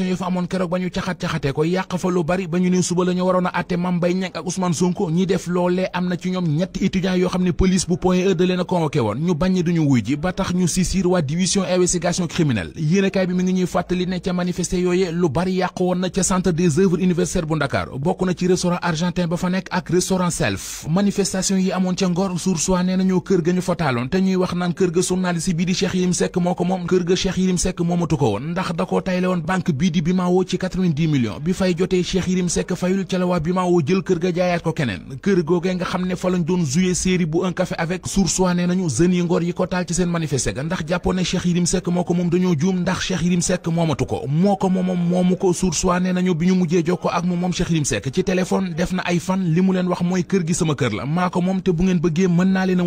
yu fa amoon keroog ba ñu caxat-caxatee ko yàq fa lu bari ba ñu ne suba la ñu waroon a àtte Mame Mbaye Niang ak Ousmane Sonko ñi def loolee am na ci ñoom ñetti étudiants yoo xam ne police bu Point E da leen a convoqué woon ñu bañ duñu wuy ji ba tax ñu saisir waa division investigation criminelle yéenekaay bi mi ngi ñuy fàttali ne ca manifesté yooye lu bari yàqu woon na ca centre des œuvres universitaires bu Dakar bokk na ci restaurant argentin ba fa nekk ak restaurant self manifestation yi amoon ca Ngor sursoi nee nañu kër ga ñu fa taaloon te ñuy wax naan kër ga journaliste bii di Cheikh Yérim Seck moo ko moom kër ga Cheikh Yérim Seck moomatu ko woon ndax da koo tayle woon banque bii di di Bimawo ci 90 millions bi fay jotee Cheikh Yérim Seck fayul ca la waa Bimawo jël kër ga jaayaat ko keneen kër googee nga xam ne fa lañ doon jouer série bu un café avec source waa nañu jeunes yi ngor yi ko taal ci seen manifester ga ndax jàppoon ne Cheikh Yérim Seck moo ko moom dañoo juum ndax Cheikh Yérim Seck moomatu ko moo ko moomu ko source waa nañu bi ñu mujjee jokkoo ak moom moom Cheikh Yérim Seck ci téléphone def na ay fan li mu leen wax mooy kër gi sama kër la maa ko moom te bu ngeen bëggee mën naa leen a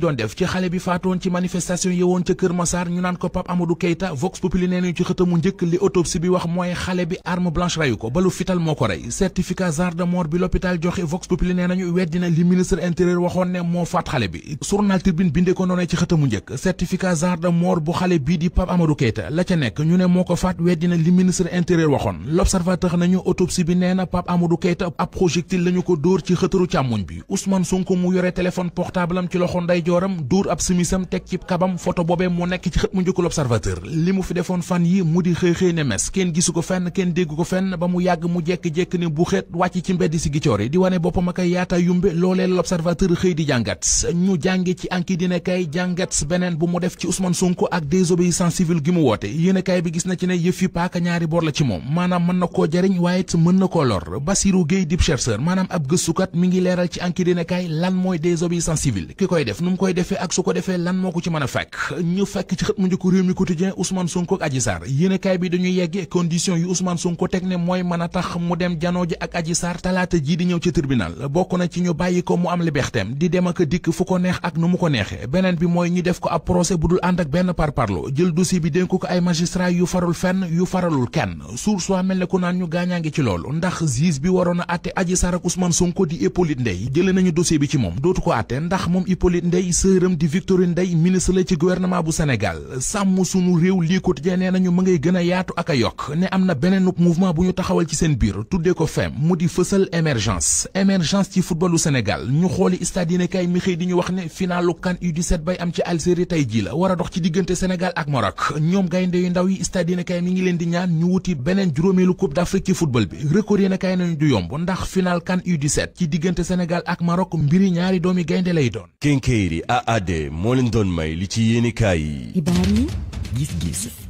doon def ci xale bi faatoon ci manifestation yi woon li nee nañu ci xëtamu njëkk li autopsie bi wax mooy xale bi arme blanche rayu ko balu fital moo ko certificat genre de mort bi l'hôpital joxe vox populi nee nañu weddina li ministre intérieur waxoon ne moo faat xale bi journal tribune bindee ko noonee ci xëtamu njëkk certificat genre de mort bu xale bii di Pape Amadou Keita la ca nekk ñu ne moo ko weddina li ministre intérieur waxoon l'observateur nañu autopsie bi nee na Pape Amadou Keita ab projectile lañu ko dóor ci xëtaru càmmoñ bi Ousmane Sonko mu yore téléphone portable am ci loxo ndeyjooram dóor ab simisam teg ci kabam photo boobee moo nekk ci xët mu l'observateur li fi def defoon fan yi mu di xëy-xëy ne mes kenn gisu ko fenn kenn dégg ko fenn ba mu yàgg mu jekk-jekk ne bu xeet wàcc ci mbedd si gicoor yi di wane boppam ak yaata yumbe loolee l'observateur xëy di jàngat ñu jànge ci anki dina jàngat beneen bu mu def ci Ousmane Sonko ak désobéissance civile gi mu woote yéene kaay bi gis na ci ne yëf yi paaka ñaari bor la ci moom maanaam mën na koo jariñ waaye mën na koo lor Basirou Gueye dib chercheur maanaam ab gëstukat mi ngi leeral ci anki dina kay lan mooy désobéissance civile ki Sonko ak Adji Sarr yéenekaay bi dañuy yeggee condition yu Ousmane Sonko teg ne mooy mën a tax mu dem janoo ji ak Adji Sarr talaata jii di ñëw ci tribunal bokk na ci ñu bàyyi ko mu am libertéem di dem ak dikk fu ko neex ak nu mu ko neexee beneen bi mooy ñu def ko ab procès bu dul ànd ak benn parparlo jël dossier bi dénk ko ay magistrat yu farul fenn yu faralul kenn suur soo mel ne ku naan ñu gaañaa ngi ci loolu ndax juge bi waroon a àtte Adji Sarr ak Ousmane Sonko di Hippolyte Ndeye jëlee nañu dossier bi ci moom dootu ko àtte ndax moom Hippolyte Ndeye sëram di Victorine Ndeye ministre la ci gouvernement bu Sénégal Quotidien nee nañu mu ngay gën a yaatu ak a yokk ne am na beneen mouvement bu ñu taxawal ci seen biir tuddee ko FEM mu di fësal émergence émergence ci footballu Sénégal ñu xooli stade yéenekaay mi xëy di ñu wax ne finalu CAN U17 bay am ci Algérie tey jii la war a dox ci diggante Sénégal ak Maroc ñoom gaynde yu ndaw yi stade yéenekaay mi ngi leen di ñaan ñu wuti beneen juróomeelu Coupe d'Afrique ci football bi record yéenekaay nañu du yomb ndax final CAN U17 ci diggante senegal ak Maroc mbiri ñaari doomi gaynde lay doon Kenkeyri AAD moo leen doon may li ci yéenekaay yi. Xibaar yi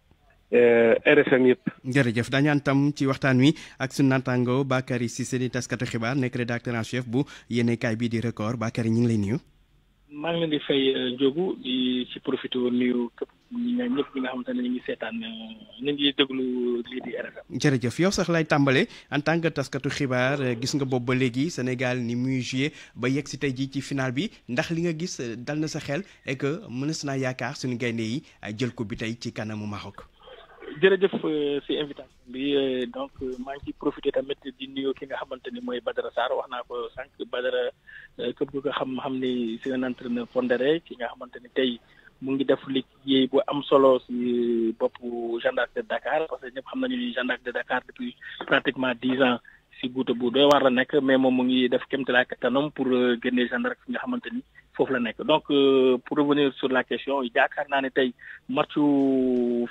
Eh, RFM yëpp. jërëjëf daañu ànd ci waxtaan wi ak sunu naataango Bakary Cissé di taskatu xibaar nekk rédacteur en chef bu yéenekaay bii di record Bakary ñu ngi lay nuyu. maa ngi di fay euh, Ndiogou di ci profité nuyu képp ñi nga xamante ne ñu ngi seetaan euh, ñu lii di RFM. jërëjëf yow sax lay tàmbale en tant que taskatu xibaar euh, gis nga boobu ba léegi Sénégal ni muy joué ba yegg si tey jii ci final bi ndax li nga gis dal na sa xel et que mënees naa yaakaar suñu gaynde yi ay jël ko bi tey ci kanamu Maroc. jërëjëf euh, si invitation bi euh, donc euh, maa ngi ciy profité tamit di nuyu ki nga xamante ni mooy Badara Sarr wax naa ko sànq Badara képp ku nga xam xam ni c'est un entraîneur pondéré ki nga xamante ni tey mu ngi def liggéey bo am solo si boppu gendarme de Dakar parce que ñëpp xam na ni gendarme de Dakar depuis pratiquement dix ans. si guuta bu doy war la nekk mais moom mu ngi def kéemtalaay kattanam pour euh, génne gendarme fi nga xamante ni foofu la nekk donc euh, pour revenir sur la question yaakaar naa ne tey matchu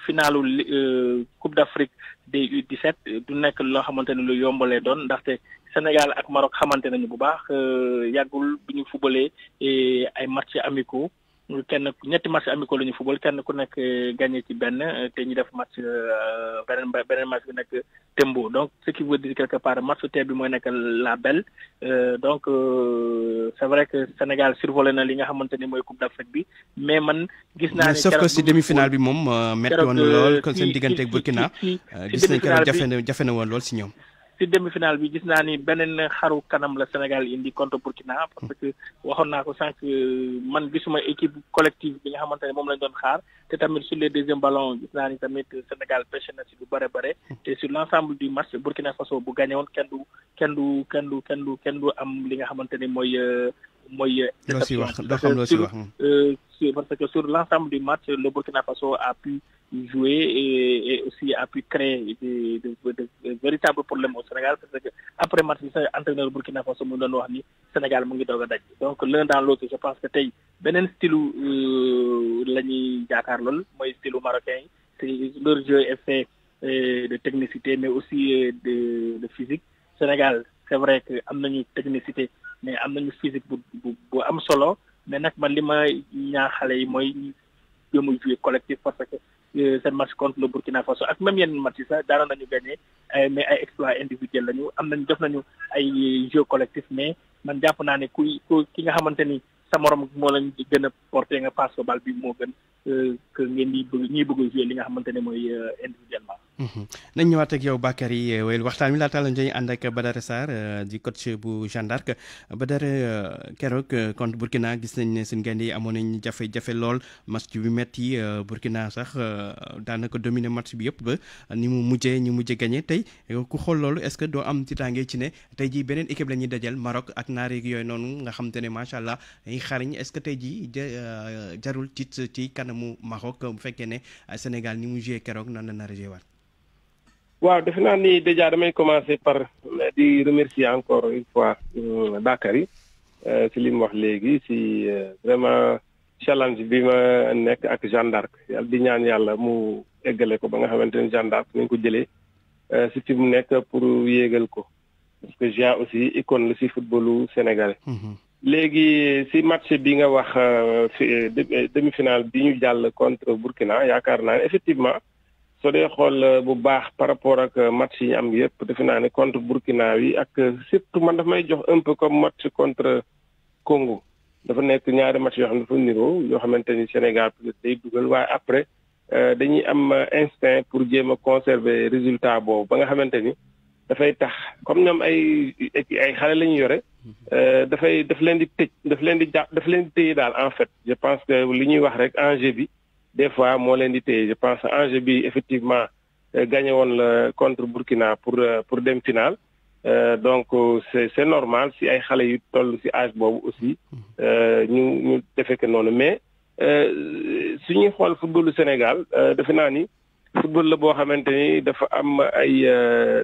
finalu euh, Coupe d'Afrique des U17 du nekk loo xamante ni lu yombalee doon ndaxte Sénégal ak Maroc xamante nañu bu baax yàggul bi ñu fubalee ay match amicaux kenn ñetti match amicaux la ñu football kenn ku nekk eh, gagné ci benn eh, te ñu def match eh, beneen beneen match bi nekk tembo donc ce qui veut dire quelque part match tey bi mooy nekk la belle donc c'est vrai que Sénégal survolé na li nga xamante ni mooy Coupe d'Afrique bi mais man. gis naa ne sauf si demi-finale bi moom metti woon lool kon seen diggante ak Burkina. gis nañ keroog jafe na jafe na woon lool si ñoom. ci demi-finale bi gis naa ni beneen xaru kanam la Sénégal indi contre Burkina parce que waxoon naa ko sànq man gisuma équipe collective bi nga xamante ne moom lañ doon xaar te tamit sur le deuxième ballon gis naa ni tamit Sénégal pêché na si lu bare bare te sur l'ensemble du match Burkina Faso bu gagné woon kenn du kenn du kenn du kenn du kenn du am li nga xamante ne mooy mooy loo si wax loo xam loo euh, parce que sur l'ensemble du match, le Burkina Faso a pu jouer et, aussi a pu créer des, véritables problèmes au Sénégal. Parce que après match, le Burkina Faso le dit Sénégal a été donc l'un dans l'autre je pense que c'est un style euh, la ñuy jaakaar lool le style marocain c'est leur jeu est fait euh, de technicité mais aussi euh, de, de physique Sénégal c'est vrai que a une technicité mais amener une physique pour bu mais nag man li ma ñaax xale yi mooy ñu jéem a jouer collectif parce que euh, seen match contre le Burkina Faso ak même yenn match yi sax daanoon nañu gagné mais ay exploit individuel lañu am nañ def nañu ay jeu collectif mais man jàpp naa ne kuy ku ki nga xamante ni sa morom moo lañ gën a porté nga passe ko bal bi moo gën euh, que ngeen di bëgg ñuy bëgg a jouer li nga xamante ne mooy euh, individuellement. Mhm. nañ ñëwaat ak yow Bakary euh, wéyal waxtaan wi laata la ñuy ànd ak Badara Sarr euh, di coach bu Jeanne d'Arc Badara euh, keroog contre Burkina gis nañ ne suñu gaynde yi amoon nañ ñu jafe-jafe lool match bi metti Burkina sax daanaka dominer match bi yëpp ba ni mu mujjee ñu mujjee gagné tey ku xool loolu est-ce que doo am tiitaange ci ne tey jii beneen équipe la ñuy dajal Maroc ak naar yeeg yooyu noonu nga xam te ne macha allah dañuy xariñ est-ce que tey jii jarul tiit ci kanamu Maroc bu fekkee ne Sénégal ni mu joué keroog nan la nar waaw defe naa ni déjà damay commencer par euh, di remercier encore une fois euh, Bakary euh, ci li mu wax léegi ci vraiment challenge bi ma nekk ak Jeanne d'Arc yàlla di ñaan yàlla mu eggale ko ba nga xamante ne Jeanne d'Arc nañ ko jëlee ci fi mu nekk pour yéegal ko parce que j'ai aussi icône la si football sénégalais. Mhm. léegi ci match bi nga wax demi-finale bi ñu jàll contre Burkina yaakaar naa effectivement soo dee xool euh, bu baax par rapport ak euh, match yi am yëpp defe naa ne contre Burkina yi ak euh, surtout man daf may jox un peu comme match contre Congo dafa nekk ñaari match yoo xam ne dafa niroo yoo xamante ni Sénégal peut être day dugal waaye après dañuy am instinct pour jéem a conserver résultat boobu ba nga xamante ni dafay tax comme ñoom ay ay xale la ñu yore dafay daf leen di tëj daf leen di daf leen di téye daal en fait je pense que li ñuy wax rek enjeu bi des fois mo len di téye je pense enjeu bi effectivement euh, gagné won la contre Burkina pour euh, pour dem finale euh, donc c'est c'est normal si ay xalé yu toll ci âge bobu aussi ñu ñu defe non. noonu mais suñu xol football du Sénégal defe naa ni football la bo xamanteni dafa am ay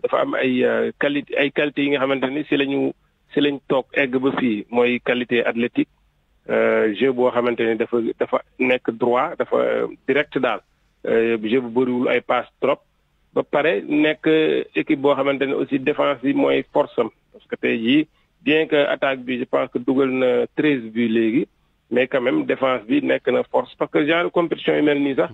dafa am ay qualité ay qualité yi nga xamanteni ci lañu ci lañ tok egg ba fi moy qualité athlétique euh, jeu boo xamante ne dafa dafa nekk droit dafa euh, direct daal euh, jeu bu bëriwul ay passe trop ba pare nekk équipe boo xamante aussi défense yi mooy force am parce que tey jii bien que attaque bi je pense que dugal na 13 buts léegi mais quand même défense bi nekk na force parce que genre compétition yu mel nii sax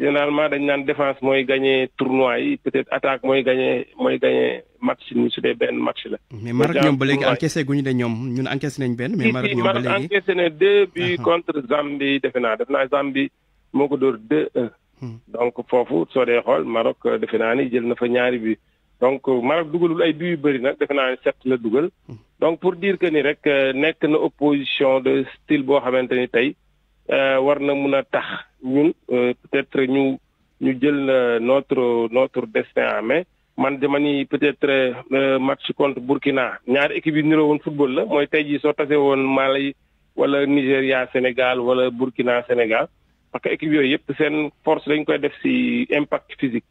généralement dañ naan défense mooy gagner tournoi yi peut-être attaque mooy gagner, mooy gagner match ni su dee benn match la. mais Maroc ñoom ba léegi encaissé guñu de ñoom ñun encaissé nañ benn. mais Maroc ñoom ba léegi encaissé na deux buts contre Zambie defe naa def naa Zambie moo ko dóor deux un. Hmm. donc foofu soo dee xool Maroc defe naa ni jël na fa ñaari bi donc Maroc dugalul ay buts yu bëri nag defe naa ni sept la dugal. Hmm. donc pour dire que ni rek euh, nekk na opposition de style boo xamante ni tey euh, war na mun a tax ñun euh, peut-être ñu ñu jël notre notre destin en main man dama ni peut-être euh, match contre Burkina ñaar équipe yi niro won football la moy tay ji so tassé won Mali wala Nigeria, Sénégal wala Burkina Sénégal parce que équipe yooyu c'est seen force dañ koy def ci impact physique.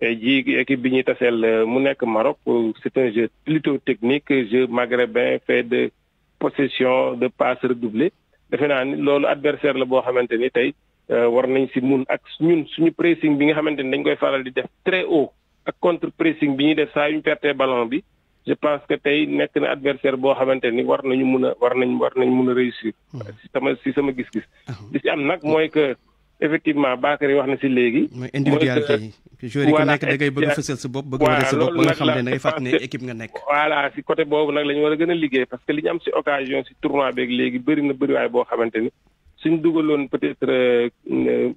Et ji équipe bi ñi tassel euh, mu nek Maroc c'est un jeu plutôt technique jeu maghrébin fait de possession de passe redoublée defé finalement, ni adversaire la bo xamanteni tay euh, war nañ ci mun ak ñun suñu pressing bi nga xamanteni dañ koy faral di def très haut. ak contre pressing bi ñuy def saa yu ñu ballon bi je pense que tey nekk na adversaire boo xamante ni war nañu mun a war nañ war nañ mun a réussir. Hmm. si sama si sama gis-gis. Ah. li si am nag mooy que effectivement Bakary wax na si léegi. mooy individualité yi. joueur yi nekk da bëgg a fësal sa bopp bëgg a sa bopp ba nga xam ne da ngay fàttali ne équipe nga nekk. voilà si côté boobu nag lañu ñu war a gën a liggéey parce que li ñu am si occasion si tournoi beeg léegi bëri na bëriwaay boo xamante ni suñ dugaloon peut-être euh,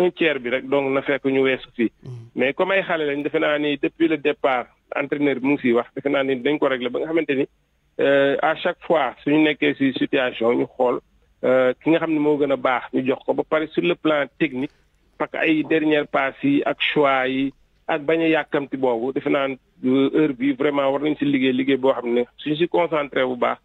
un tiers bi rek donc na fekk ñu weesu fi mais comme ay xalé lañ defe naa ni depuis le départ entraîneur mu ngi wax defe naa ni dañ ko régler ba nga xamanteni euh à chaque fois suñu nekké ci situation ñu euh ki nga xamni mo gëna baax ñu jox ko ba paré sur le plan technique parce que ay dernière pass yi ak choix yi ak baña a bobu boobu defe naa euh, heure bi vraiment war nañ ci liggéey liggéey bo xam ne suñu si concentré bu baax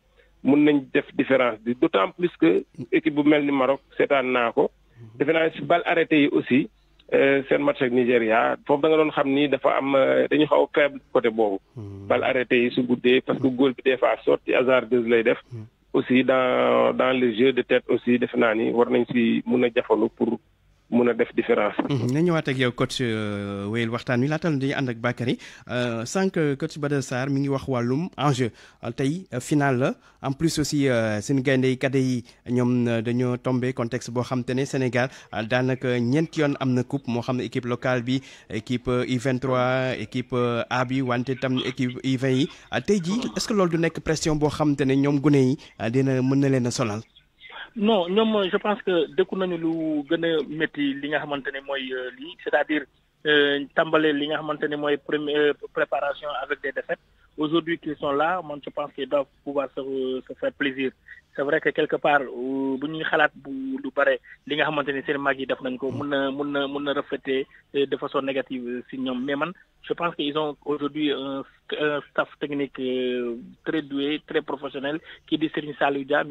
mën nañ def différence bi d'autant plus que équipe bu melni Maroc seetaan nako defe naa si bal arrêté yi aussi euh, seen match ak Nigéria foofu da nga doon xam ni dafa am euh, dañu xaw faible côté boobu. Hmm. bal arrêté yi su guddee parce que góol bi des fois sorti hasardeuse lay def. Hmm. aussi dans dans le jeu de tête aussi defe naa ni war nañ si mun a jafandu pour. mun a def différence. Mhm. na ñëwaat ak yow coach euh, wéyal waxtaan wi laata dañuy ànd ak Bakary euh, sànq coach Badara Sarr mi ngi wax wàllum enjeu euh, tey final la en plus aussi seen gaynde yi kade yi ñoom dañoo tombé contexte boo xam te ne Sénégal daanaka ñeent yoon am na coupe moo xam ne équipe locale bi équipe U23 équipe A bi wante tam équipe U20 yi tey jii est-ce que loolu du nekk pression boo xam te ne ñoom gune yi dina mën na leen a sonal non je pense que dès que lu gëna a li nga xamantene euh, c'est-à-dire euh, tambalé li nga euh, préparation avec des défaites aujourd'hui qu'ils sont là je pense qu'ils doivent pouvoir se faire plaisir c'est vrai que quelque part euh, bu ñuy xalaat bu lu bare li nga xamante ni seen mag def nañ ko mun na mun euh, de façon négative euh, si mais je pense qu'ils ont aujourd'hui un, staff technique très doué, très professionnel, qui dit Serigne Saloudia,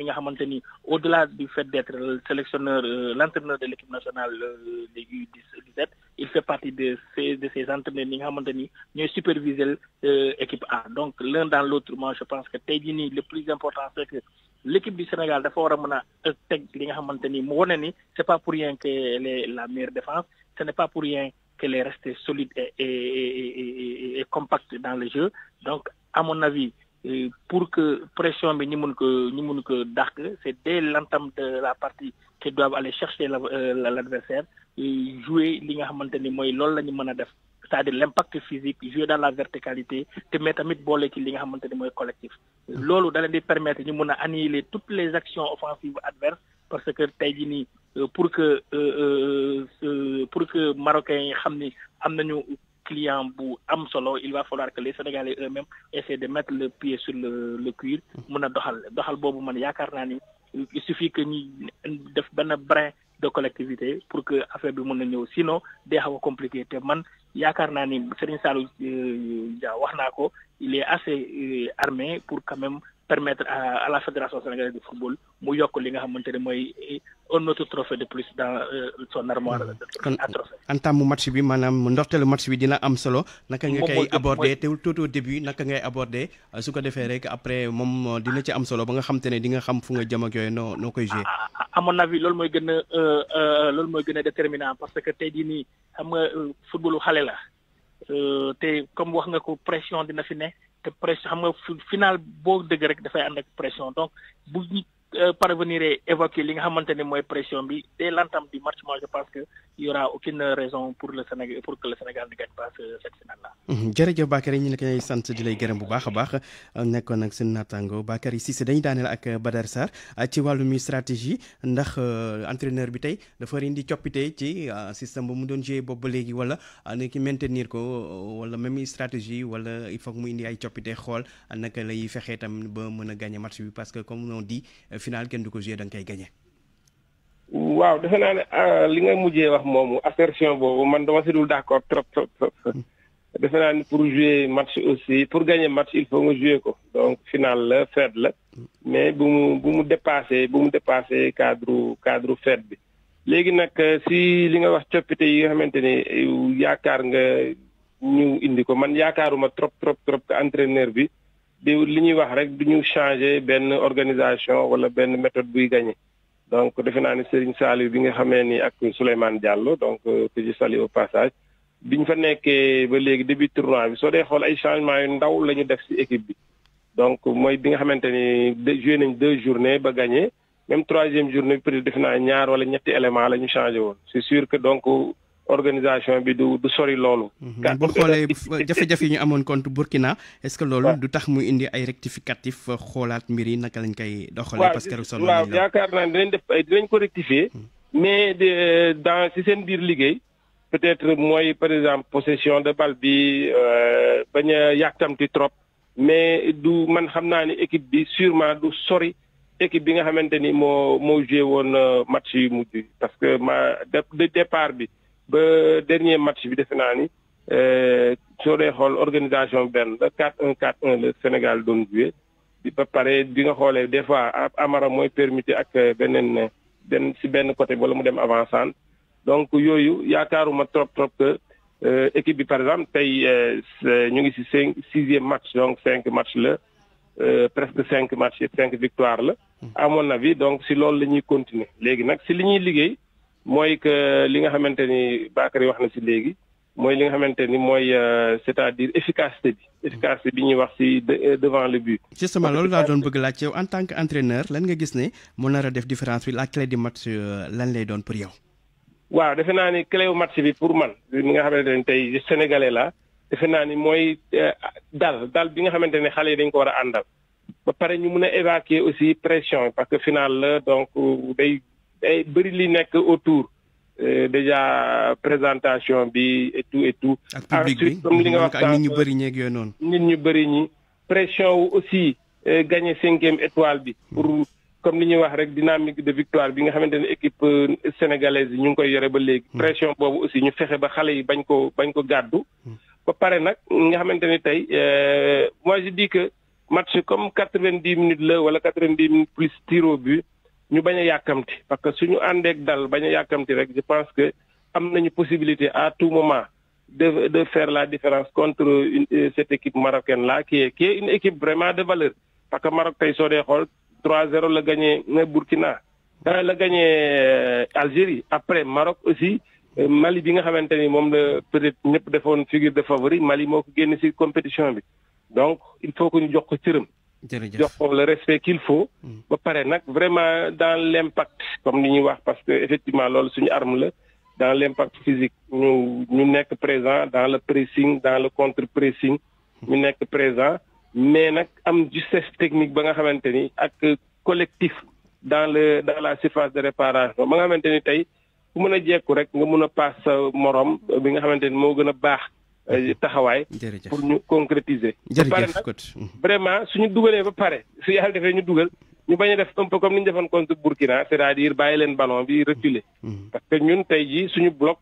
au-delà du fait d'être le sélectionneur, l'entraîneur de l'équipe nationale de U17, il fait partie de ces, de ces entraîneurs qui ont supervisé l'équipe A. Donc l'un dans l'autre, moi je pense que Tedini, le plus important, c'est que l'équipe du Sénégal dafa a c'est pas pour rien que les la meilleure défense ce n'est pas pour rien qu'elle est restée solide et, compacte dans le jeu donc à mon avis euh, pour que pression bi ñu mun ko c'est dès l'entente de la partie qu'ils doivent aller chercher euh, l'adversaire et jouer li nga xamante c'est-à-dire l'impact physique jouer dans la verticalité te mettre un boole qui li nga monter ni collectif loolu permettre ñu mun toutes les actions offensives adverses parce que euh, pour que euh, euh, pour que marocains aient un client il va falloir que les sénégalais eux-mêmes essaient de mettre le pied sur le cuir doxal doxal man ni il suffit que nous def brin de collectivité pour que affaire bi mën na ñëw sinon day xaw a compliqué te man yaakaar naa ni Serigne Saliou euh, Dia wax naa ko il est assez euh, armé pour quand permettre à, à la Fédération sénégalaise de football mu yok li nga xamanteni moy mooy euh, un autre trophée de plus dans euh, son armoire à trophée. kon entame match bi manam maanaam le match bi dina am solo. naka nga kay aborder te tout au début naka ngay aborder euh, su ko defee rek après mom dina ci am solo ba nga xamanteni di nga xam fu nga jëm ak yoy no noo koy jouer. à mon avis loolu moy gëna euh, loolu mooy gën a déterminant parce que tay di ni xam nga footballu xalé la. Euh, te comme wax nga ko pression dina fi ne te pression xam nga final boo dëgg rek dafay ànd ak pression donc bu ñu euh, parvenir évacuer li nga xamante ne mooy pression bi dès l'entame du match moi je pense que yora y aura raison pour le pour que le Sénégal ne gagne pas cette finale là. Mhm. jërëjëf Bakary ñu ngi koy sant di lay gërëm bu baax a baax nekkoon ak seen naataango Bakary Cissé dañuy daaneel ak Badar Sarr ah, ci wàllum stratégie ndax euh, entraîneur bi tey dafa indi coppite ci euh, système ba mu doon jouer boobu ba léegi wala ah, ne ki maintenir ko euh, wala même stratégie wala il faut mu indi ay coppite xool naka lay fexee tam ba mën a gagné match bi parce que comme on di final kenn du ko jouer da nga koy gagné. waaw ah, je assertion d'accord trop trop pour jouer match aussi pour gagner match il faut jouer ko donc final la mais bu mu bu mu dépassé cadre cadre euh, si li nga wax coppite yi nga xamante ni nga ñu indi ko man trop trop trop que entraîneur bi di wax rek du ñu changer benn organisation wala méthode buy gagner donc defe naa une Serigne Saliou bi nga xamee ni ak Diallo donc euh, que je salue au passage biñ fa nekkee ba léegi début tournoi bi changement yu ndaw donc moi, bi nga ni deux journées ba même troisième journée peut c'est sûr que donc organisation bi du du sori mhm. *laughs* jafe-jafe Burkina est-ce que du tax indi rectificatif euh, lañ parce que hmm. mais dans si seen peut-être par exemple possession de balle bi euh, bañ a trop. mais du man xam sûrement du sori. équipe bi nga xamante euh, match parce que ma de départ le dernier match bi defe naa ci euh, soo organisation 4-1-4-1 le Sénégal donne joué di ba pare di nga des fois Amara mooy permuté ak à euh, dem euh, si benn côté wala mu dem donc il y trop trop que équipe bi par exemple qui ñu ngi sixième match donc cinq matchs, presque cinq et cinq victoires. Mmh. à mon avis donc si l'on continue continuer si l'on continue mooy que li nga xamante ni Bakary wax na si léegi mooy li nga xamante ni mooy euh, c'est-à-dire efficacité bi. efficacité bi ñuy wax si euh, devant le but. justement loolu laa doon bëgg laaj en tant que entraîneur lan nga gis ne mu nar a def différence bi la clé du match euh, lan lay doon pour yow. waaw defe naa ni clé wu match bi pour man li nga xamante ni tey sénégalais la defe naa ni mooy dal dal bi nga xamante ne xale yi dañ ko war a àndal. ba pare ñu mun a évacuer aussi pression parce que final la donc day day eh, bari li nekk autour eh, déjà présentation bi et tout et tout. ak public bi comme li nga wax nit ñu bari ñeeg non nit ñu bari ñi pression aussi eh, gagné cinquième étoile bi hmm. pour. comme li avec wax rek dynamique de victoire bi nga xamantene équipe euh, sénégalaise ñu ngi koy yore ba léegi. Hmm. pression boobu aussi ñu fexe ba xale yi bañ ko bañ ko gàddu. Hmm. ba pare nag nga xamantene moi je dis que match comme 90 minutes la wala 90 minutes plus tir au but ñu bañ a yàkkamti parce que suñu àndeek dal bañ a yàkkamti je pense que am possibilité à tout moment de faire la différence contre euh, cette équipe marocaine là qui est une équipe vraiment de valeur parce que Maroc a soo dee xool 3-0 la gagné Burkina euh, la gagné euh, Algérie après Maroc aussi Mali bi nga xamante ni moom peut-être ñëpp figure de favori Mali moo ko génn ci compétition bi donc il faut que nous jox ko donc, le respect qu'il faut. Hmm. ba pare vraiment dans l'impact, comme ni parce que effectivement loolu suñu arme dans l'impact physique nous ñu nekk présent dans le pressing dans le contre pressing. Hmm. ñu nekk présent mais nag am justesse technique ba nga xamante collectif dans la surface de réparation ba nga xamante ni tey ku mën a jekku rek nga morom bi Euh, taxawaay. pour ñu concrétiser. ba coach mhm. vraiment suñu dugalee ba pare su yàlla defee ñu dugal. ñu bañ a def un peu comme ni ñu defoon contre Burkina c'est-à-dire bàyyi leen ballon bi reculer. Mhm. parce que ñun tey jii suñu bloc.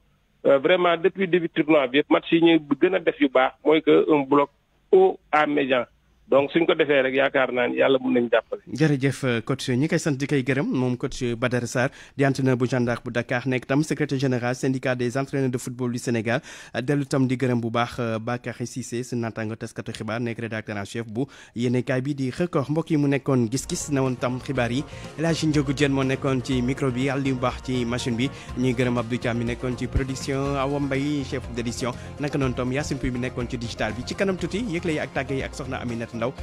Euh, vraiment depuis début tournoi bi yëpp match yi ñu gën a def yu baax mooy que un bloc haut à médian donc suñ ko defee rek yaakaar naa ni yàlla mun nañ jàppale. jërëjëf coach ñi koy sant di koy gërëm moom coach Badara Sarr di entraîneur bu gendarme bu Dakar nekk tam secrétaire général syndicat des entraîneurs de football du Sénégal dellu tam di gërëm bu baax euh, Bakary Cissé suñu naataango taskatu xibaar nekk rédacteur en chef bu yéenekaay bi di record mbokk yi mu nekkoon gis-gis na woon tam xibaar yi El Hadj Ndiogou Diène moo nekkoon ci micro bi Aliou Mbaax ci machine gërëm Abdou ci production Awa Mbaye chef d'édition naka noonu tam Yacine Pouy yi ak tàgge yi Nope.